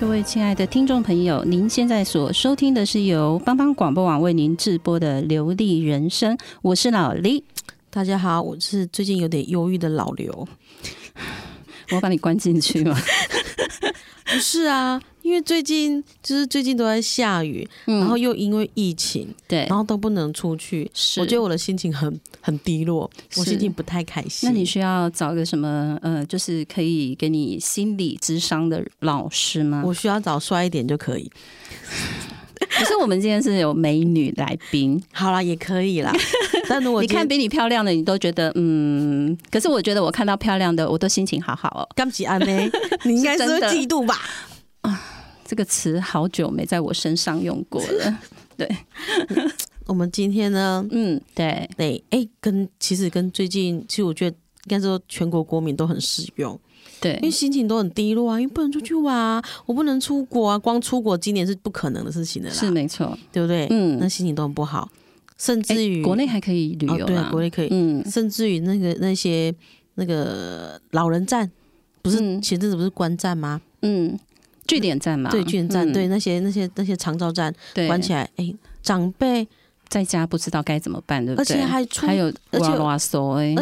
各位親愛的聽眾朋友，您現在所收聽的是由幫幫廣播網為您直播的《流利人生》，我是老莉。大家好，我是最近有點憂鬱的老劉。 我要把你關進去嗎？ 不是啊，因為最近就是最近都在下雨，嗯，然後又因為疫情，對，然後都不能出去，是我覺得我的心情很很低落，我心情不太開心。那你需要找個什麼呃，就是可以給你心理諮商的老師嗎？我需要找帥一點就可以。 可是我們今天是有美女來賓，好啦，也可以啦。 但如果我覺得你看比你漂亮的，你都覺得嗯。可是我覺得我看到漂亮的，我都心情好好哦，喔。幹不起阿妹，你應該是嫉妒吧？ 啊，這個詞好久沒在我身上用過了。對， 我們今天呢？ 嗯，對對，哎、欸，跟其實跟最近，其實我覺得應該說全國國民都很適用。對，因為心情都很低落啊，因為不能出去玩，啊，我不能出國啊，光出國今年是不可能的事情的啦。是沒錯，對不對？嗯，那心情都很不好，甚至於、欸，國內還可以旅遊、哦、啊，對國內可以，嗯，甚至於那個那些那個老人站，不是、嗯、前陣子不是關站嗎？嗯，據點站嘛，對，據點站，嗯、對那些那些那些長照站，對關起來，哎，長輩。在家不知道該怎麼辦，對不對？而且還有，而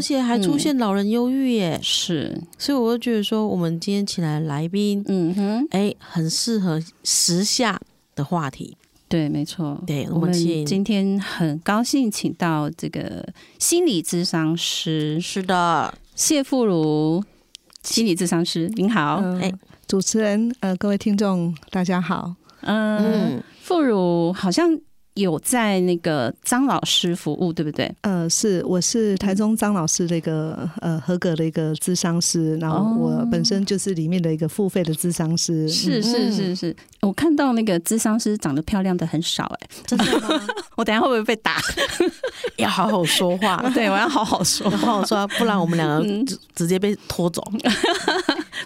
且還出現老人憂鬱耶、嗯。是，所以我就覺得說，我們今天請來的來賓，嗯哼，誒、欸，很適合時下的話題。對，沒錯。對我們請我們今天很高興請到這個心理諮商師是，是的，謝馥如心理諮商師，您好。誒、呃，主持人，呃，各位聽眾，大家好。呃、嗯，馥如好像，有在那個張老師服務，對不對？呃，是，我是台中張老師的一個呃合格的一個諮商師，然後我本身就是裡面的一個付費的諮商師。哦嗯。是是是是，我看到那個諮商師長得漂亮的很少。欸，哎，真的嗎？ 我等下會不會被打？ 要好好說話， 對我要好好說，好好說，不然我們兩個直直接被拖走。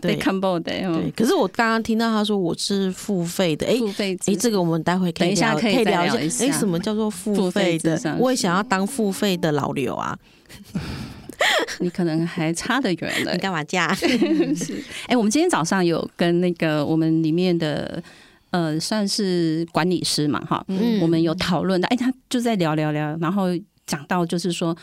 對，看 b o a r 對，可是我剛剛聽到他說我是付費的，哎，付，欸，費，誒、欸，這個我們待會可以聊，等一下可以聊一下。哎，什麼叫做付費的？費我也想要當付費的老劉啊 ！ 你可能還差得遠呢。 你幹嘛加？哎， 我們今天早上有跟那個我們裡面的呃，算是管理師嘛，哈，嗯，我們有討論的。哎，他就在聊聊聊，然後講到就是說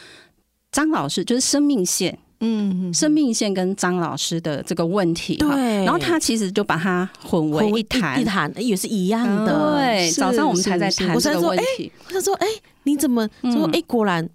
張老師就是生命線。嗯，生命線跟張老師的這個問題，對，然後他其實就把它混為一談，一談也是一樣的。哦、對，早上我們才在談。我才說，哎、欸，我說，哎、欸，你怎麼？說，哎、欸，果然。嗯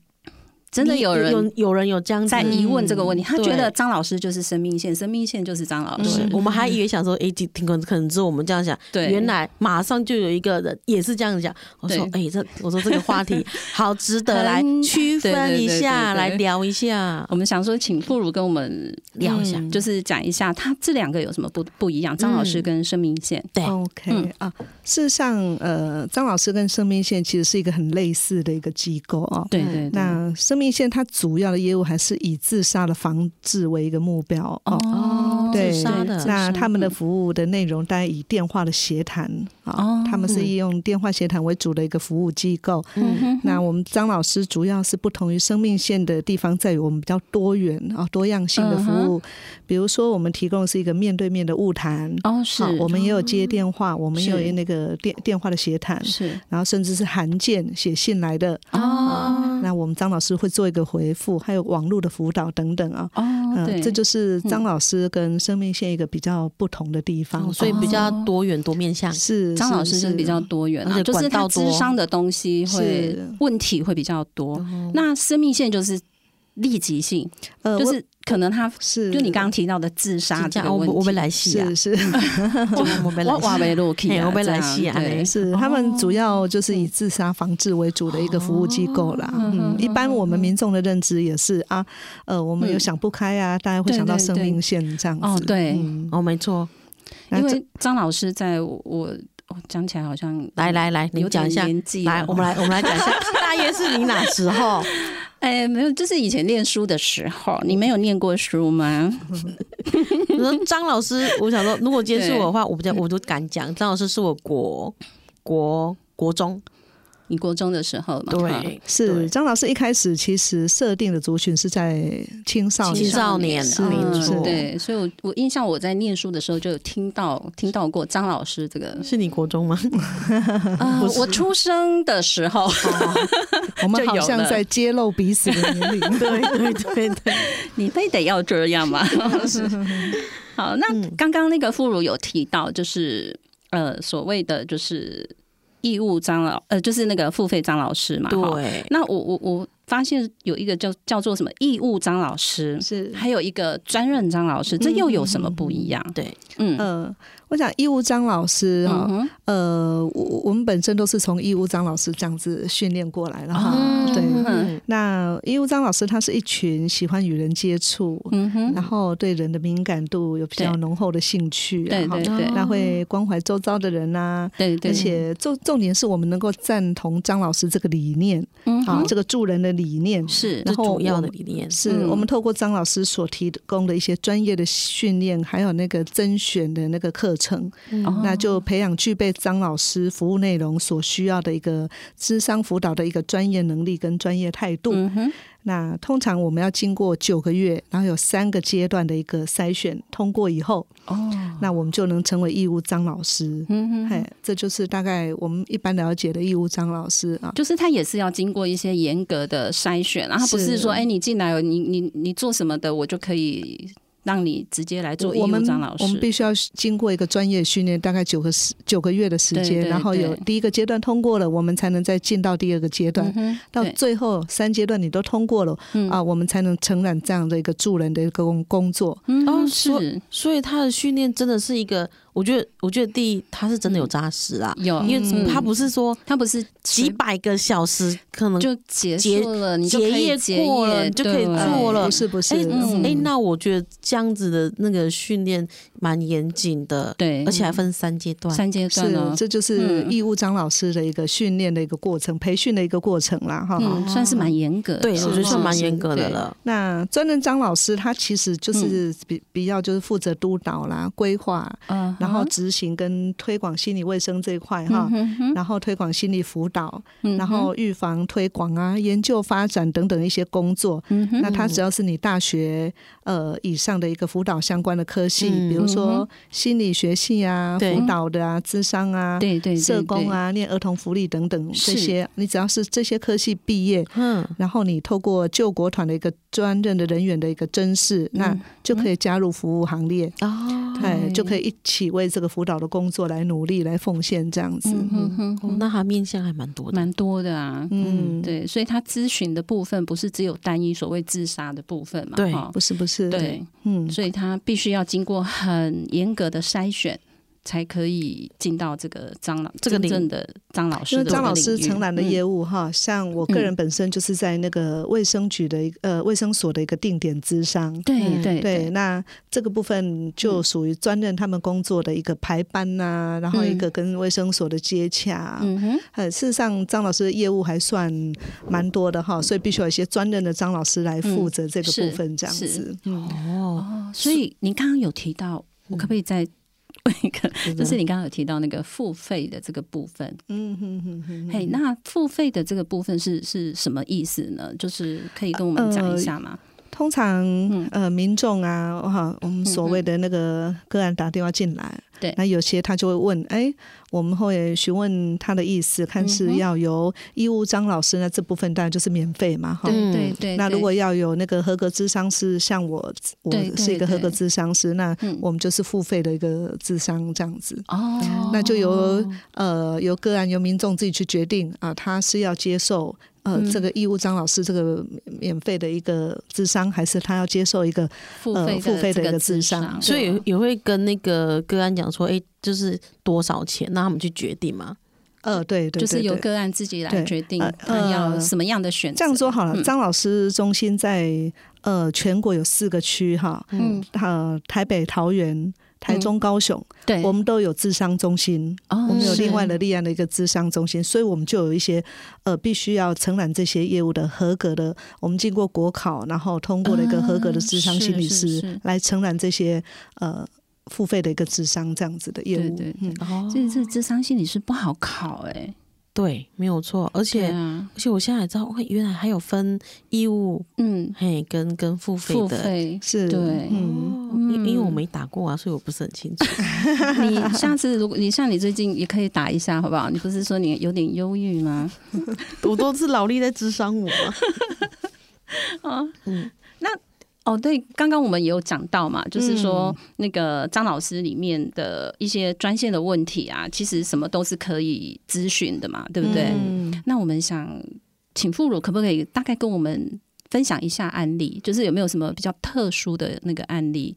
真的有人有有人有這樣子、嗯、在疑問這個問題，他覺得張老師就是生命線，生命線就是張老師、嗯。我們還以為想說，哎、欸，挺可能可能是我們這樣想。對，原來馬上就有一個人也是這樣講。我說，哎、欸，這我說這個話題好值得、 嗯、來區分一下對對對對對，來聊一下。我們想說，請馥如跟我們聊一下，嗯、就是講一下他這兩個有什麼不不一樣？張老師跟生命線。嗯、對，OK、嗯、啊，事實上，呃，張老師跟生命線其實是一個很類似的一個機構哦。對對，對對，那生命。生命線它主要的業務還是以自殺的防治為一個目標哦，哦，對的，那他們的服務的內容大概以電話的協談哦，他們是利用電話協談為主的一個服務機構。嗯，那我們張老師主要是不同於生命線的地方在於，我們比較多元啊，多樣性的服務，嗯、比如說我們提供的是一個面對面的晤談哦，是哦，我們也有接電話，嗯、我們也有那個電電話的協談是，然後甚至是函件寫信來的哦，哦。那我們張老師會。做一個回復，還有網絡的輔導等等啊，嗯、哦呃，這就是張老師跟生命線一個比較不同的地方，嗯哦、所以比較多元多面向、哦。是，張老師是比較多元的、啊，就是他諮商的東西會問題會比較多，那生命線就是。立即性，呃，就是可能他是，就你剛剛提到的自殺，這樣，啊 欸啊、這樣。我們我們萊西是是，我們我們萊西他們主要就是以自殺防治為主的一個服務機構啦、哦嗯嗯嗯。嗯，一般我們民眾的認知也是啊，呃，我們有想不開啊、嗯，大家會想到生命線這樣子。對對對哦，對，嗯、哦，沒錯。因為張老師在我我講起來好像，來來來，來你講一下，來，我們來我們來講一下， 大約是你哪時候？哎，沒有，就是以前念書的時候，你沒有念過書嗎？ 我說張老師，我想說，如果接觸我的話，我比較我都敢講，張老師是我國國國中，你國中的時候嘛？對，是對，張老師一開始其實設定的族群是在青少年，青少年是是、嗯，對，所以我我印象我在念書的時候就有聽到聽到過張老師這個，是你國中嗎？呃、我出生的時候。 我們好像在揭露彼此的年齡， 對對對對 你非得要這樣嘛？ 好，那剛剛那個馥如有提到，就是呃所謂的就是義務張老，呃就是那個付費張老師嘛。對，那我我我發現有一個叫叫做什麼義務張老師，是還有一個專任張老師，這又有什麼不一樣？嗯嗯、對，嗯嗯。呃我想義務張老師哈，呃，我我們本身都是從義務張老師這樣子訓練過來的哈、嗯。對，那義務張老師他是一群喜歡與人接觸、嗯，然後對人的敏感度有比較濃厚的興趣，對對對，那會關懷周遭的人吶、啊，對，對對，而且重重點是我們能夠贊同張老師這個理念、嗯，啊，這個助人的理念是，然後是主要的理念是我們透過張老師所提供的一些專業的訓練，嗯、還有那個甄選的那個課程。成，那就培養具備張老師服務內容所需要的一個諮商輔導的一個專業能力跟專業態度、嗯。那通常我們要經過九個月，然後有三個階段的一個篩選通過以後，哦，那我們就能成為義務張老師。嗯哼，哎，這就是大概我們一般了解的義務張老師啊。就是他也是要經過一些嚴格的篩選，然後不是說哎，、欸，、你進來你你你做什麼的我就可以。讓你直接來做義務張老師，我們必須要經過一個專業訓練，大概九個十九個月的時間，然後有第一個階段通過了，我們才能再進到第二個階段。嗯、到最後三階段你都通過了，啊，我們才能承攬這樣的一個助人的一個工作。嗯、哦，是，所以他的訓練真的是一個。我覺得，我覺得第一，他是真的有扎實啊，有、嗯，因為他不是說，他不是幾百個小時，可能就結業了，你就可以結，結過了，就，就可以做了，不是不是，哎、欸欸，那我覺得這樣子的那個訓練蠻嚴謹的，對，而且還分三階段，三階段，是這就是義務張老師的一個訓練的一個過程，嗯、培訓的一個過程啦，哈、嗯哦，算是蠻嚴格的，對，確、哦、算是蠻嚴、就是、格的了。嗯、算是對，那專任張老師他其實就是比比較就是負責督導啦，規劃，嗯。然後執行跟推廣心理衛生這一塊哈、嗯，然後推廣心理輔導、嗯，然後預防推廣啊，研究發展等等一些工作。嗯、那他只要是你大學呃以上的一個輔導相關的科系、嗯，比如說心理學系啊、輔導的啊、諮商啊，對對對對對、社工啊、念兒童福利等等這些，你只要是這些科系畢業，嗯，然後你透過救國團的一個專任的人員的一個甄試，、嗯，那就可以加入服務行列哦，哎、嗯呃，就可以一起。為這個輔導的工作來努力，來奉獻，這樣子，嗯哼哼哼嗯、那他面向還蠻多的，蠻多的啊。嗯，對，所以他諮詢的部分不是只有單一所謂自殺的部分嘛？對，不是不是。對，對嗯、所以他必須要經過很嚴格的篩選。才可以進到這個張老這個證的張老師的的，因為張老師承攬的業務哈、嗯，像我個人本身就是在那個衛生局的、嗯、呃衛生所的一個定點諮商、嗯嗯。對對對，對，那這個部分就屬於專任他們工作的一個排班吶、啊嗯，然後一個跟衛生所的接洽，嗯，嗯哼、呃，事實上張老師的業務還算蠻多的哈，所以必須有一些專任的張老師來負責這個部分這樣子，嗯、哦，哦，所以您剛剛有提到，我可不可以再、嗯？ 就是你剛剛有提到那個付費的這個部分，嗯哼哼哼,哼，hey, 那付費的這個部分是是什麼意思呢？就是可以跟我們講一下嗎？呃、通常呃，民眾啊，哈、哦，我們所謂的那個個案打電話進來，對、嗯，那有些他就會問，哎、欸。我們會詢問他的意思，看是要由義務張老師呢，那這部分當然就是免費嘛，哈。對對對。那如果要有那個合格諮商師，像我，我是一個合格諮商師，那我們就是付費的一個諮商這樣子。哦、嗯。那就由呃由個案由民眾自己去決定啊，他是要接受呃，這個義務張老師這個免費的一個諮商，還是他要接受一個付費的、呃、付費的一個諮商，所以也會跟那個個案講說，哎、欸，就是多少錢，那他們去決定嘛。呃，對，對，對，對，就是由個案自己來決定他要什麼樣的選擇。呃，這樣說好了，張老師中心在呃全國有四個區哈、呃，嗯，呃，台北、桃園。台中、高雄、嗯對，我們都有諮商中心、哦，我們有另外的立案的一個諮商中心，所以我們就有一些呃，必須要承攬這些業務的合格的，我們經過國考，然後通過了一個合格的諮商心理師、嗯、是是是來承攬這些呃付費的一個諮商這樣子的業務。對對對，嗯，這這諮商心理師不好考哎、欸。對，沒有錯，而且、啊、而且我現在還知道，哦，原來還有分義務，嗯，嘿，跟跟付費的，付費嗯、是對，嗯，因因為我沒打過啊，所以我不是很清楚。 你下次如果你像你最近也可以打一下，好不好？你不是說你有點憂鬱嗎？我都是勞力在諮商我。啊、 哦，嗯。哦，對，剛剛我們也有講到嘛、嗯，就是說那個張老師裡面的一些專線的問題啊，其實什麼都是可以諮詢的嘛，對不對？嗯、那我們想請馥如可不可以大概跟我們分享一下案例，就是有沒有什麼比較特殊的那個案例，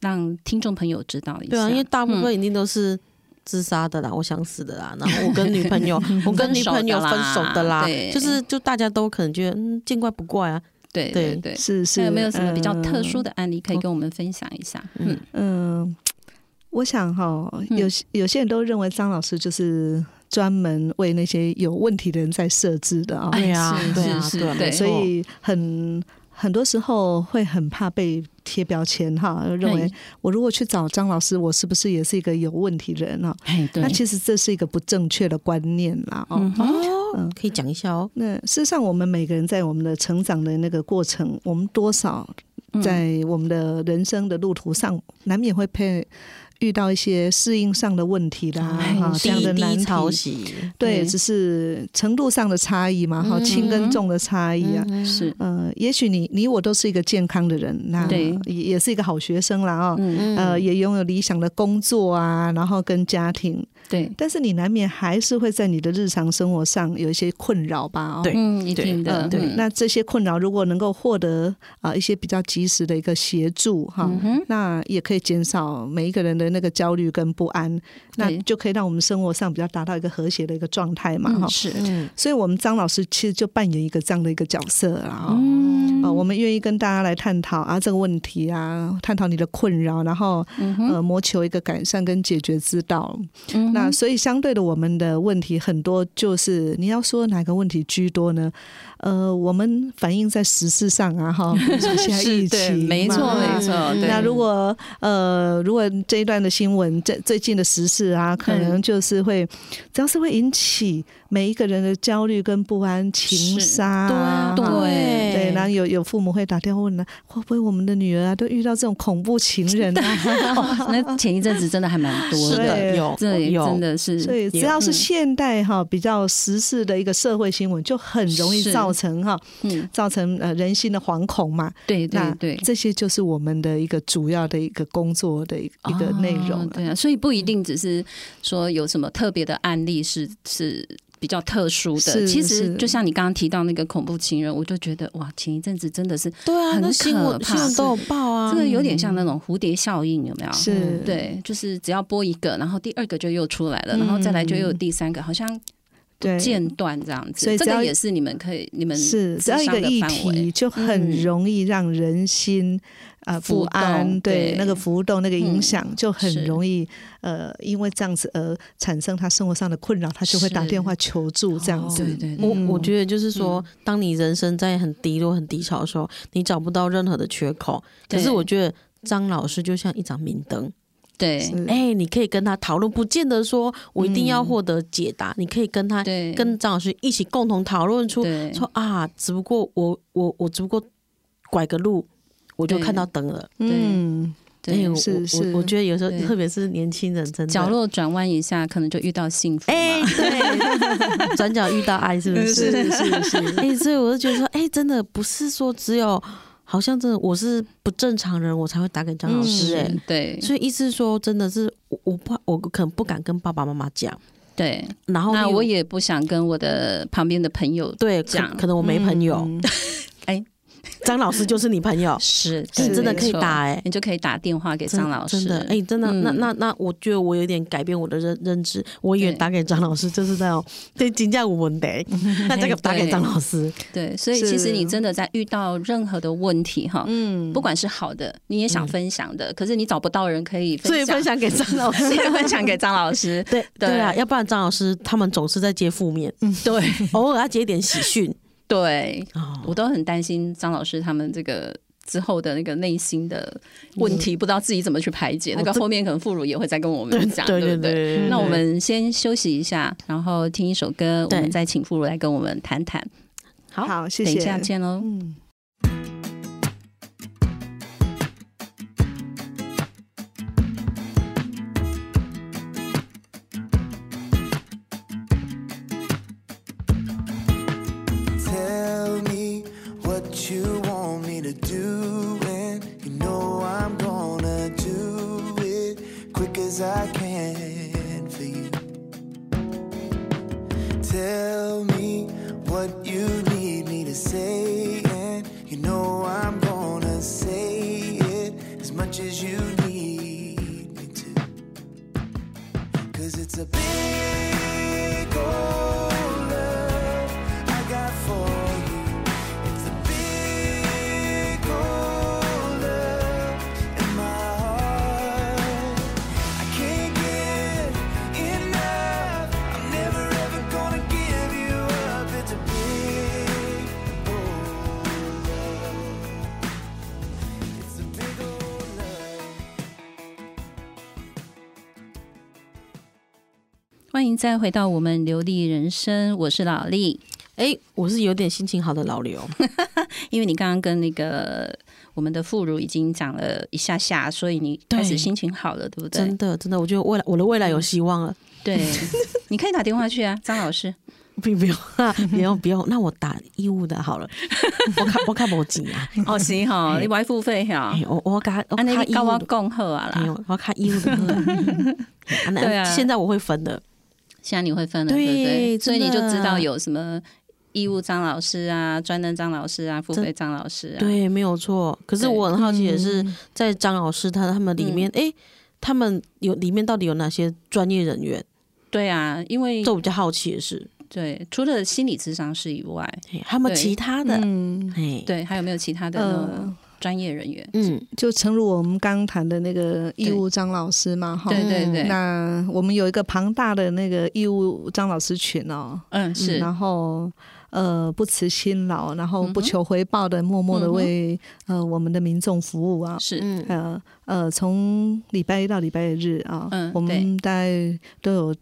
讓聽眾朋友知道一下？對啊，因為大部分一定都是自殺的啦，嗯、我想死的啦，然後我跟女朋友， 我跟女朋友分手的啦，分手的啦，對，就是就大家都可能覺得嗯，見怪不怪啊。對對對,對，是是。還有沒有什麼比較特殊的案例可以跟我們分享一下？嗯嗯,嗯、呃，我想哈，有有些人都認為張老師就是專門為那些有問題的人在設置的、哦嗯、啊。對呀、啊，對是、啊，是、啊。對，所以很。很多時候會很怕被貼標籤哈，認為我如果去找張老師，我是不是也是一個有問題的人？哎，對，那其實這是一個不正確的觀念啦、嗯。哦，嗯，可以講一下哦。那、嗯、事實上，我們每個人在我們的成長的那個過程，我們多少在我們的人生的路途上，難免會碰。遇到一些適應上的問題啦、啊，哈、嗯，這、啊、樣的難題，對，只是程度上的差異嘛，哈、嗯，輕跟重的差異啊、嗯呃，是，嗯，也許你你我都是一個健康的人，那、啊、也是一個好學生啦。啊，嗯、呃，嗯、也擁有理想的工作啊，然後跟家庭。對，但是你難免還是會在你的日常生活上有一些困擾吧？哦，對，一定的，對，對、呃，對，嗯。那這些困擾如果能夠獲得啊、呃、一些比較及時的一個協助，哈、嗯，那也可以減少每一個人的那個焦慮跟不安，那就可以讓我們生活上比較達到一個和諧的一個狀態嘛？哈、嗯，是。嗯、所以，我們張老師其實就扮演一個這樣的一個角色啊，啊、嗯呃，我們願意跟大家來探討啊這個問題啊，探討你的困擾，然後，嗯呃，謀求一個改善跟解決之道，嗯。那所以相對的，我們的問題很多，就是你要說哪個問題居多呢？嗯呃，我們反映在時事上啊，哈， 是，對，沒錯，嗯，沒錯。那如果呃，如果這一段的新聞在最近的時事啊，可能就是會，嗯，只要是會引起每一個人的焦慮跟不安情，啊，情殺，對，對。然後有有父母會打電話問呢，啊，會不會我們的女兒啊都遇到這種恐怖情人呢？啊 哦，那前一陣子真的還蠻多的，是的，有，有，真的是。所以只要是現代哈，啊嗯，比較時事的一個社會新聞，就很容易造成。層哈，嗯，造成呃人心的惶恐嘛，對，對對，這些就是我們的一個主要的一個工作的一個內容。哦，對啊，所以不一定只是說有什麼特別的案例是是比較特殊的，其實就像你剛剛提到那個恐怖情人，我就覺得哇，前一陣子真的是對啊，很多新聞新聞都有報啊，這個有點像那種蝴蝶效應，有沒有？是，嗯，對，就是只要播一個，然後第二個就又出來了，然後再來就又有第三個，嗯，好像。間斷這樣子，所以這個也是你們可以、你們是只要一個議題就很容易讓人心啊、嗯呃、不安，嗯、對，對，對那個浮動那個影響、嗯、就很容易呃，因為這樣子而產生他生活上的困擾，他就會打電話求助這樣子。哦、對對對對我我，對對對我，我，我覺得就是說，當你人生在很低落、很低潮的時候，你找不到任何的缺口，對可是我覺得張老師就像一盞明燈。對，哎、欸，你可以跟他討論，不見得說我一定要獲得解答、嗯。你可以跟他、跟張老師一起共同討論出，說啊，只不過我、我、我，我只不過拐個路，我就看到燈了對。嗯，哎、欸，我是是我我覺得有時候，特別是年輕人，真的，角落轉彎一下，可能就遇到幸福。哎、欸，對，轉 角遇到愛，是不是？是是是，是，是。哎、欸，所以我就覺得說，哎、欸，真的不是說只有。好像真的我是不正常人，我才會打給張老師哎、欸嗯。對，所以意思說，真的是我怕我，我可能不敢跟爸爸媽媽講。對，然後那我也不想跟我的旁邊的朋友對講，可能我沒朋友。哎、嗯嗯。 欸張老師就是你朋友，是，你真的可以打哎、欸，你就可以打電話給張老師，真的，哎，真的，那、欸、那、嗯、那，那那那我覺得我有點改變我的認認知，我以為打給張老師就是這樣，對，請教我，哎，那這個打給張老師對，對，所以其實你真的在遇到任何的問題哈，嗯，不管是好的，你也想分享的，嗯、可是你找不到人可以，所以分享給張老師， 分享給張老師對，對，對啊，要不然張老師他們總是在接負面，對，對偶爾要接一點喜訊。對、哦，我都很擔心張老師他們這個之後的那個內心的問題，不知道自己怎麼去排解。嗯、那個後面可能馥如也會再跟我們講，哦對，對，嗯、對，對，對對對。那我們先休息一下，然後聽一首歌，我們再請馥如來跟我們談談。好，謝謝等一下，謝謝見嘍。嗯再回到我們流利人生，我是老莉。哎、欸，我是有點心情好的老劉， 因為你剛剛跟那個我們的馥如已經講了一下下，所以你開始心情好了，對，對不對？真的，真的，我覺得未來我的未來有希望了。對， 你可以打電話去啊，張老師。 不，不用，不用，不用，那我打義務的好了。 我比較，我比較沒錢啊。 哦，行好、哦，你外付費哈、欸。我我看，我那我高、啊、我恭賀啊了，我看義務的。對啊，現在我會分的。現在你會分了，對對，對？所以你就知道有什麼義務張老師啊、專任張老師啊、付費張老師、啊。對，沒有錯。可是我很好奇，也是、嗯、在張老師他他們裡面，哎、嗯，他們有裡面到底有哪些專業人員？對啊，因為這我比較好奇的是，對，除了心理諮商師以外，還有沒有其他的？嗯，對，還有沒有其他的呢？呃專業人員，嗯，就誠如我們剛剛談的那個義務張老師嘛，哈，對對對，對。那我們有一個龐大的那個義務張老師群哦、喔嗯，嗯是，然後呃不辭辛勞，然後不求回報的默默的為、嗯、呃我們的民眾服務啊，是，嗯呃呃從禮拜一到禮拜日啊，嗯我們大概都有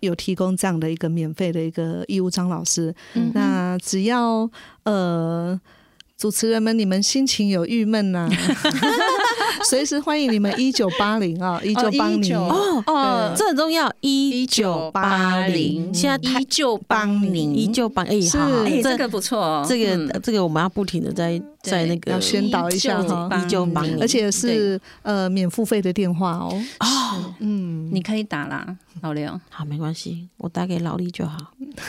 有提供這樣的一個免費的一個義務張老師，嗯那只要呃。主持人們，你們心情有鬱悶吶？ 隨時歡迎你們 1980,、哦！一九八零啊，一九八零哦 1980, 哦、呃，這很重要！一九八零，現在一九八零，一九八零是、欸、這，這個不錯、哦，這、嗯、個、呃、這個我們要不停的在在那個宣導一下一九八零，1980, 1980, 1980, 而且是呃免付費的電話哦啊、哦、嗯，你可以打啦，老劉，好，沒關係，我打給老莉就好，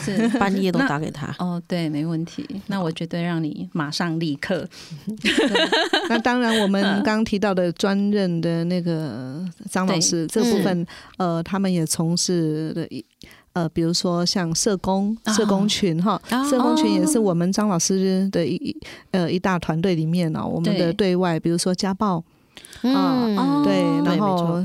是半夜都打給他 哦，對，沒問題，那我絕對讓你馬上立刻， 那當然我們剛剛提到的。 專任的那個張老師這部分、嗯，呃，他們也從事的，呃，比如說像社工，啊、社工群哈、啊，社工群也是我們張老師的一、啊、呃一大團隊裡面哦，我們的對外，比如說家暴、嗯、啊，對，啊、然後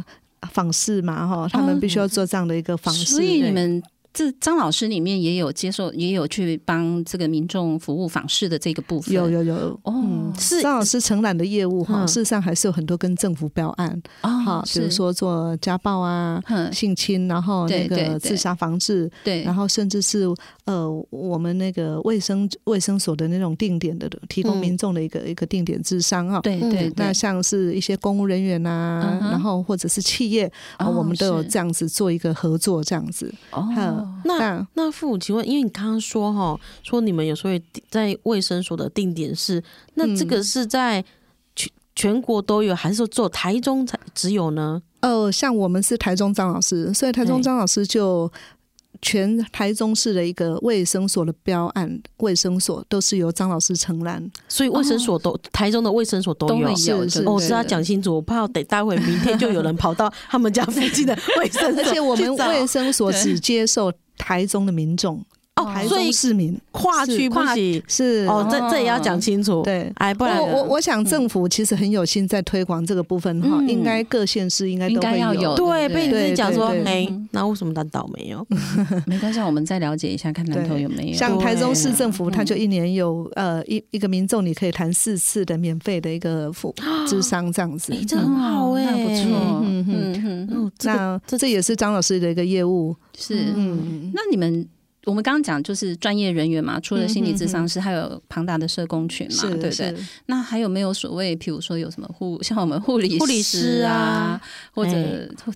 訪視嘛哈，他們必須要做這樣的一個訪視，啊，所以你們這張老師裡面也有接受，也有去幫這個民眾服務訪視的這個部分。有有有、哦、嗯，是張老師承攬的業務哈、哦嗯。事實上還是有很多跟政府標案啊、哦哦，比如說做家暴啊、嗯、性侵，然後那個自殺防治，對，對，對，然後甚至是呃，我們那個衛生衛生所的那種定點的提供民眾的一個、嗯、一個定點諮商啊。對、嗯、對、嗯，那像是一些公務人員吶、啊嗯，然後或者是企業，哦、我們都有這樣子做一個合作，這樣子哦。嗯那那父母，請問，因為你剛剛說哈、哦，說你們有時候在衛生所的定點是，那這個是在全全國都有，還是說只有台中才只有呢？哦、嗯呃，像我們是台中張老師，所以台中張老師就、欸。全台中市的一個衛生所的標案，衛生，生所都是由張老師承攬，所以衛生所都台中的衛生所都沒有，是，哦，是要講清楚， 我怕得待會明天就有人跑到他們家附近的衛生所，而且我們衛生所只接受台中的民眾。 哦，台中市民、哦、跨區跨是哦，這這也要講清楚、哦、對。哎，不然我我想政府其實很有心在推廣這個部分，嗯、應該各縣市應該應該要有對對。對，被你講說對對對沒，那為什麼他倒沒有？沒關係，我們再了解一下，看南投有沒有。 像台中市政府，它就一年有呃一、嗯、一個民眾你可以談四次的免費的一個諮商這樣子，這、哦、很好哎，不錯。嗯嗯嗯，那嗯嗯嗯嗯這個、那這也是張老師的一個業務是。嗯，那你們。我們剛剛講就是專業人員嘛，除了心理諮商師，嗯、哼哼還有龐大的社工群嘛，對不對？那還有沒有所謂，比如說有什麼護，像我們護理護、啊、理師啊，或者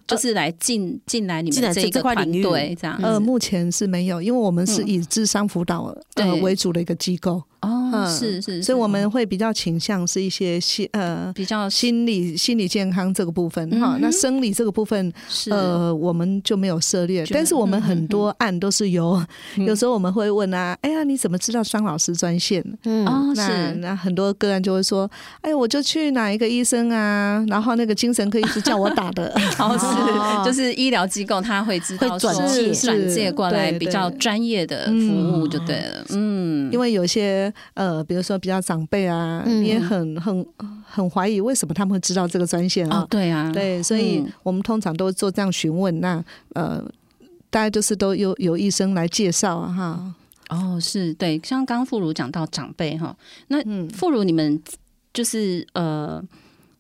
就是來進進、欸、來你們這一塊領域這樣、嗯？呃，目前是沒有，因為我們是以諮商輔導、嗯呃、為主的一個機構。哦。嗯，哦、是，是是，所以我們會比較傾向是一些心呃比較心理心理健康這個部分哈、嗯哦，那生理這個部分是呃我們就沒有涉獵，但是我們很多案都是由有、嗯、有時候我們會問啊，哎呀你怎麼知道張老師專線？嗯哦那那很多個案就會說，哎我就去哪一個醫生啊，然後那個精神科醫師叫我打的， 哦 是，就是醫療機構他會知道會轉介轉介過來比較專業的服務就對了，嗯，嗯因為有些。呃，比如說比較長輩啊，嗯、你也很很很懷疑為什麼他們會知道這個專線啊、哦？對啊，對，所以我們通常都做這樣詢問。嗯、那呃，大家就是都由由醫生來介紹啊，哈。哦，是對，像剛馥如講到長輩哈，那馥如你們就是、嗯、呃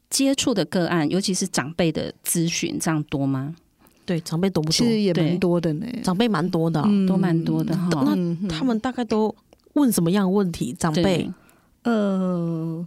接觸的個案，尤其是長輩的諮詢這樣多嗎？對，長輩多不多？其實也蠻多的呢，長輩蠻多的，都、嗯、蠻多,多的哈。那,那他們大概都。問什麼樣問題，長輩？呃，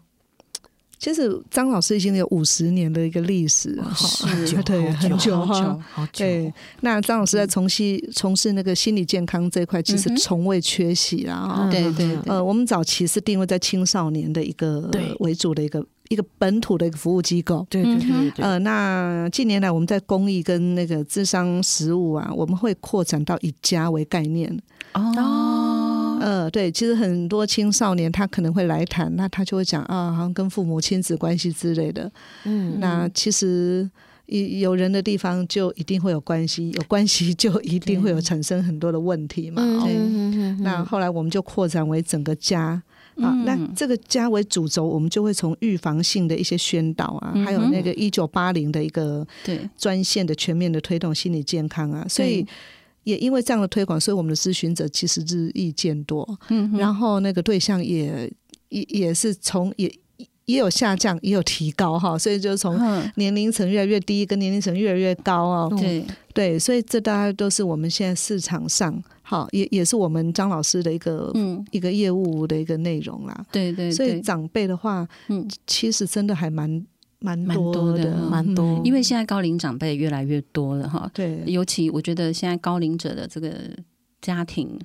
其實張老師已經有五十年的一個歷史，哦、好久 對很久，好久，很久，好久，好久。對、欸，那張老師在從西從事那個心理健康這一塊，其實從未缺席啦，然、嗯、後，對，對對。呃，我們早期是定位在青少年的一個對為主的一個一個本土的一個服務機構，對，對對對。呃，那近年來我們在公益跟那個諮商實務啊，我們會擴展到以家為概念。哦。哦呃，對，其實很多青少年他可能會來談，那他就會講啊，好、哦、像跟父母親子關係之類的。嗯，那其實有有人的地方就一定會有關係，有關係就一定會有產生很多的問題嘛。對哦、對那後來我們就擴展為整個家、嗯、啊，那這個家為主軸，我們就會從預防性的一些宣導啊，嗯、還有那個一九八零的一個對專線的全面的推動心理健康啊，所以。也因為這樣的推廣，所以我們的諮詢者其實日益漸多，嗯，然後那個對象也也也是從也也有下降，也有提高哈、哦，所以就從年齡層越來越低，跟年齡層越來越高哦，對、嗯、對，所以這大家都是我們現在市場上哈、嗯，也也是我們張老師的一個、嗯、一個業務的一個內容啦，對，對對，所以長輩的話，嗯，其實真的還蠻蠻多的，蠻多、嗯、多，因為現在高齡長輩越來越多了哈。對，尤其我覺得現在高齡者的這個家庭，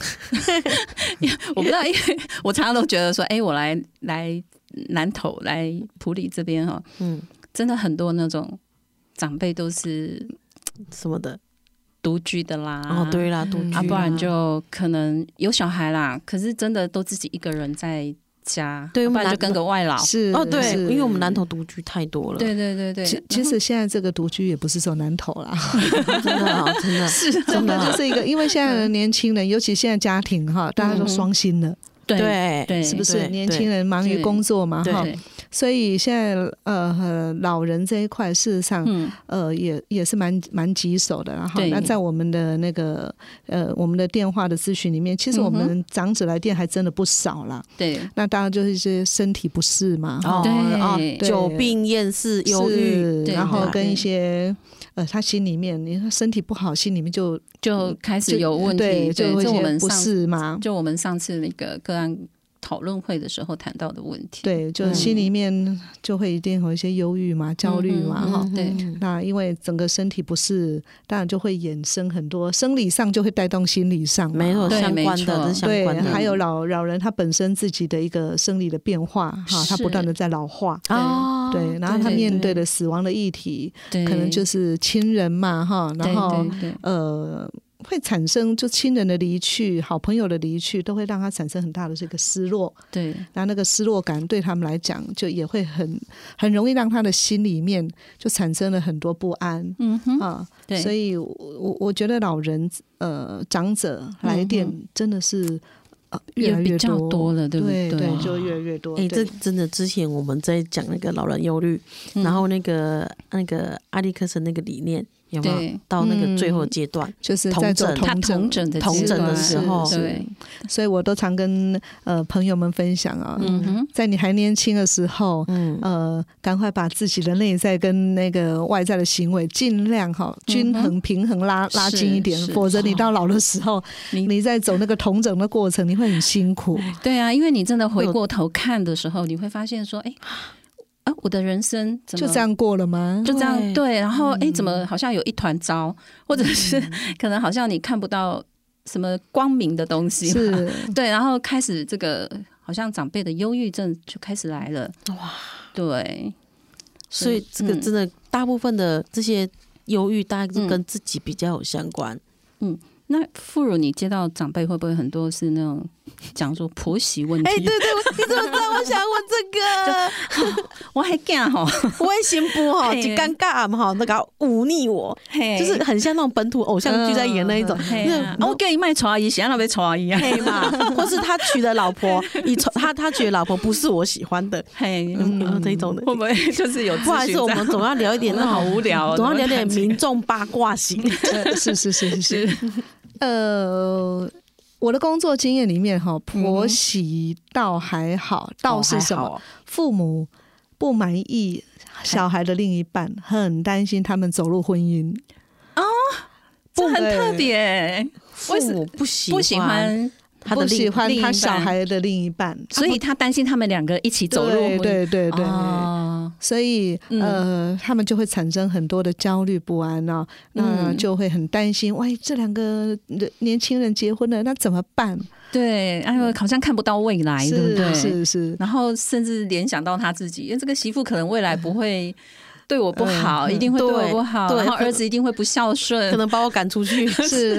我不知道，因為我常常都覺得說，哎、欸，我來來南投來埔里這邊哈，嗯，真的很多那種長輩都是什麼的獨居的啦，的哦對啦，獨居，啊、不然就可能有小孩啦，可是真的都自己一個人在。家，對我們、啊、不然就跟個外勞是，是哦，對，因為我們南投獨居太多了，對對對對。其實現在這個獨居也不是說南投啦， 真的好真的，是真的就是一個，因為現在的年輕人，尤其現在家庭哈，大家都雙薪了，對對，是不是？年輕人忙於工作嘛哈。所以現在呃，呃，老人這一塊事實上，嗯、呃，也也是蠻蠻棘手的。然後，那在我們的那個呃，我們的電話的諮詢裡面，其實我們長者來電還真的不少啦。對、嗯，那當然就是一些身體不適嘛，啊，久病厭世憂鬱，然後跟一些呃，他心裡面，你說身體不好，心裡面就就開始有問題，就，就，就我們不是嗎？就我們上次那個個案。討論會的時候談到的問題，對，就心裡面就會一定有一些憂鬱嘛、嗯、焦慮嘛，哈、嗯嗯，對。那因為整個身體不適，當然就會衍生很多，生理上就會帶動心理上，沒有相關的，對，對還有老老人他本身自己的一個生理的變化，哈，他不斷的在老化對對，對，然後他面對的死亡的議題，可能就是親人嘛，哈，然後對對對呃。會產生就親人的離去、好朋友的離去，都會讓他產生很大的這個失落。對，那那個失落感對他們來講，就也會很很容易讓他的心裡面就產生了很多不安。嗯哼，啊，對，所以，我我覺得老人呃長者來電真的是，嗯，呃越來越多，越多了，對不對？對，對，就越來越多。哎，欸，這真的之前我們在講那個老人憂鬱，嗯，然後那個那個阿利克森那個理念。有沒有到那個最後階段，嗯，就是在做同整，同整的同整的時候？對，所以我都常跟呃朋友們分享啊，哦嗯，在你還年輕的時候，嗯趕、呃、快把自己的內在跟那個外在的行為盡量哈，哦嗯，均衡平衡拉，嗯，拉近一點，否則你到老的時候，哦，你你在走那個同整的過程，你會很辛苦。 對啊，因為你真的回過頭看的時候，會你會發現說，哎，欸。啊、我的人生怎麼就這樣過了嗎？就這樣對，對，然後哎、嗯欸，怎麼好像有一團糟，或者是可能好像你看不到什麼光明的東西，對，然後開始這個好像長輩的憂鬱症就開始來了，哇，對，所以這個真的、嗯、大部分的這些憂鬱，大概是跟自己比較有相關，嗯，那馥如，你接到長輩會不會很多是那種？講說婆媳問題，哎，對對，你怎麼知道？我想問這個， 啊、我還驚吼，我還先播吼，就尷尬啊嘛，那個忤逆我 就是很像那種本土偶像劇在演那一種、oh, 種，我給你賣醜阿姨，誰讓他賣醜阿姨啊？ 或是他娶的老婆，你 他他娶的老婆不是我喜歡的，嘿，有沒這種的？我們就是有，不好意思，我們總要聊一點那， 那好無聊、哦，總要聊點民眾八卦型， 是是是是，是 呃。我的工作經驗裡面，哈，婆媳倒還好，倒、嗯、是什麼、哦、父母不滿意小孩的另一半，很擔心他們走入婚姻啊、哦，不，這很特別、欸。父母不喜不喜歡。不喜歡他小孩的另一半，一半，所以他擔心他們兩個一起走路，對對對、對、啊、所以、嗯、呃，他們就會產生很多的焦慮不安啊、哦，那、呃、嗯、就會很擔心，喂，這兩個年輕人結婚了，那怎麼辦？對，哎喲，好像看不到未來，對不對？是是、是對。然後甚至聯想到他自己，因為這個媳婦可能未來不會。對我不好、嗯，一定會對我不好對對，然後兒子一定會不孝順，可能，可能把我趕出去。是、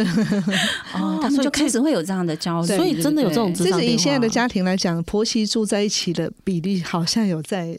哦，他們就開始會有這樣的焦慮，所以真的有這種知道。其實以現在的家庭來講，婆媳住在一起的比例好像有在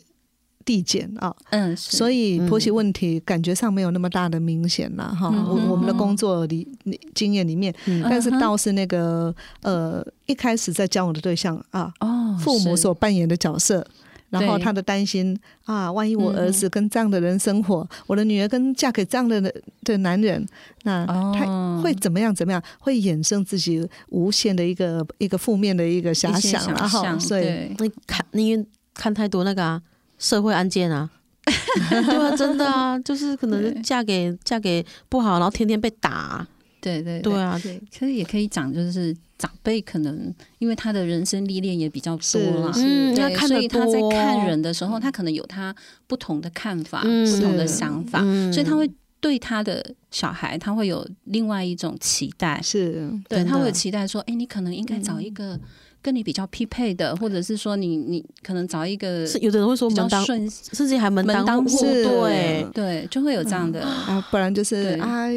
遞減啊、哦。嗯，所以婆媳問題感覺上沒有那麼大的明顯了哈、嗯。我我們的工作裡經驗裡面、嗯，但是倒是那個呃、嗯，一開始在交往的對象啊、哦，父母所扮演的角色，然後他的擔心啊，萬一我兒子跟這樣的人生活，嗯、我的女兒跟嫁給這樣的的男人，那他會怎麼樣？怎麼樣？會衍生自己無限的一個一個負面的一個遐想啊！所以你看，你看太多那個、啊、社會案件啊， 對啊，真的啊，就是可能嫁給嫁給不好，然後天天被打。對對對，對啊！其實也可以講，就是長輩可能因為他的人生歷練也比較多嘛，嗯，所以他在看人的時候，他可能有他不同的看法，嗯、不同的想法，所以他會對他的小孩，他會有另外一種期待，是對，他會期待說，哎，你可能應該找一個。嗯跟你比較匹配的，或者是說你你可能找一個，有的人會說比較順，甚至還門當戶對、欸，對，就會有這樣的、嗯、啊，不然就是、啊、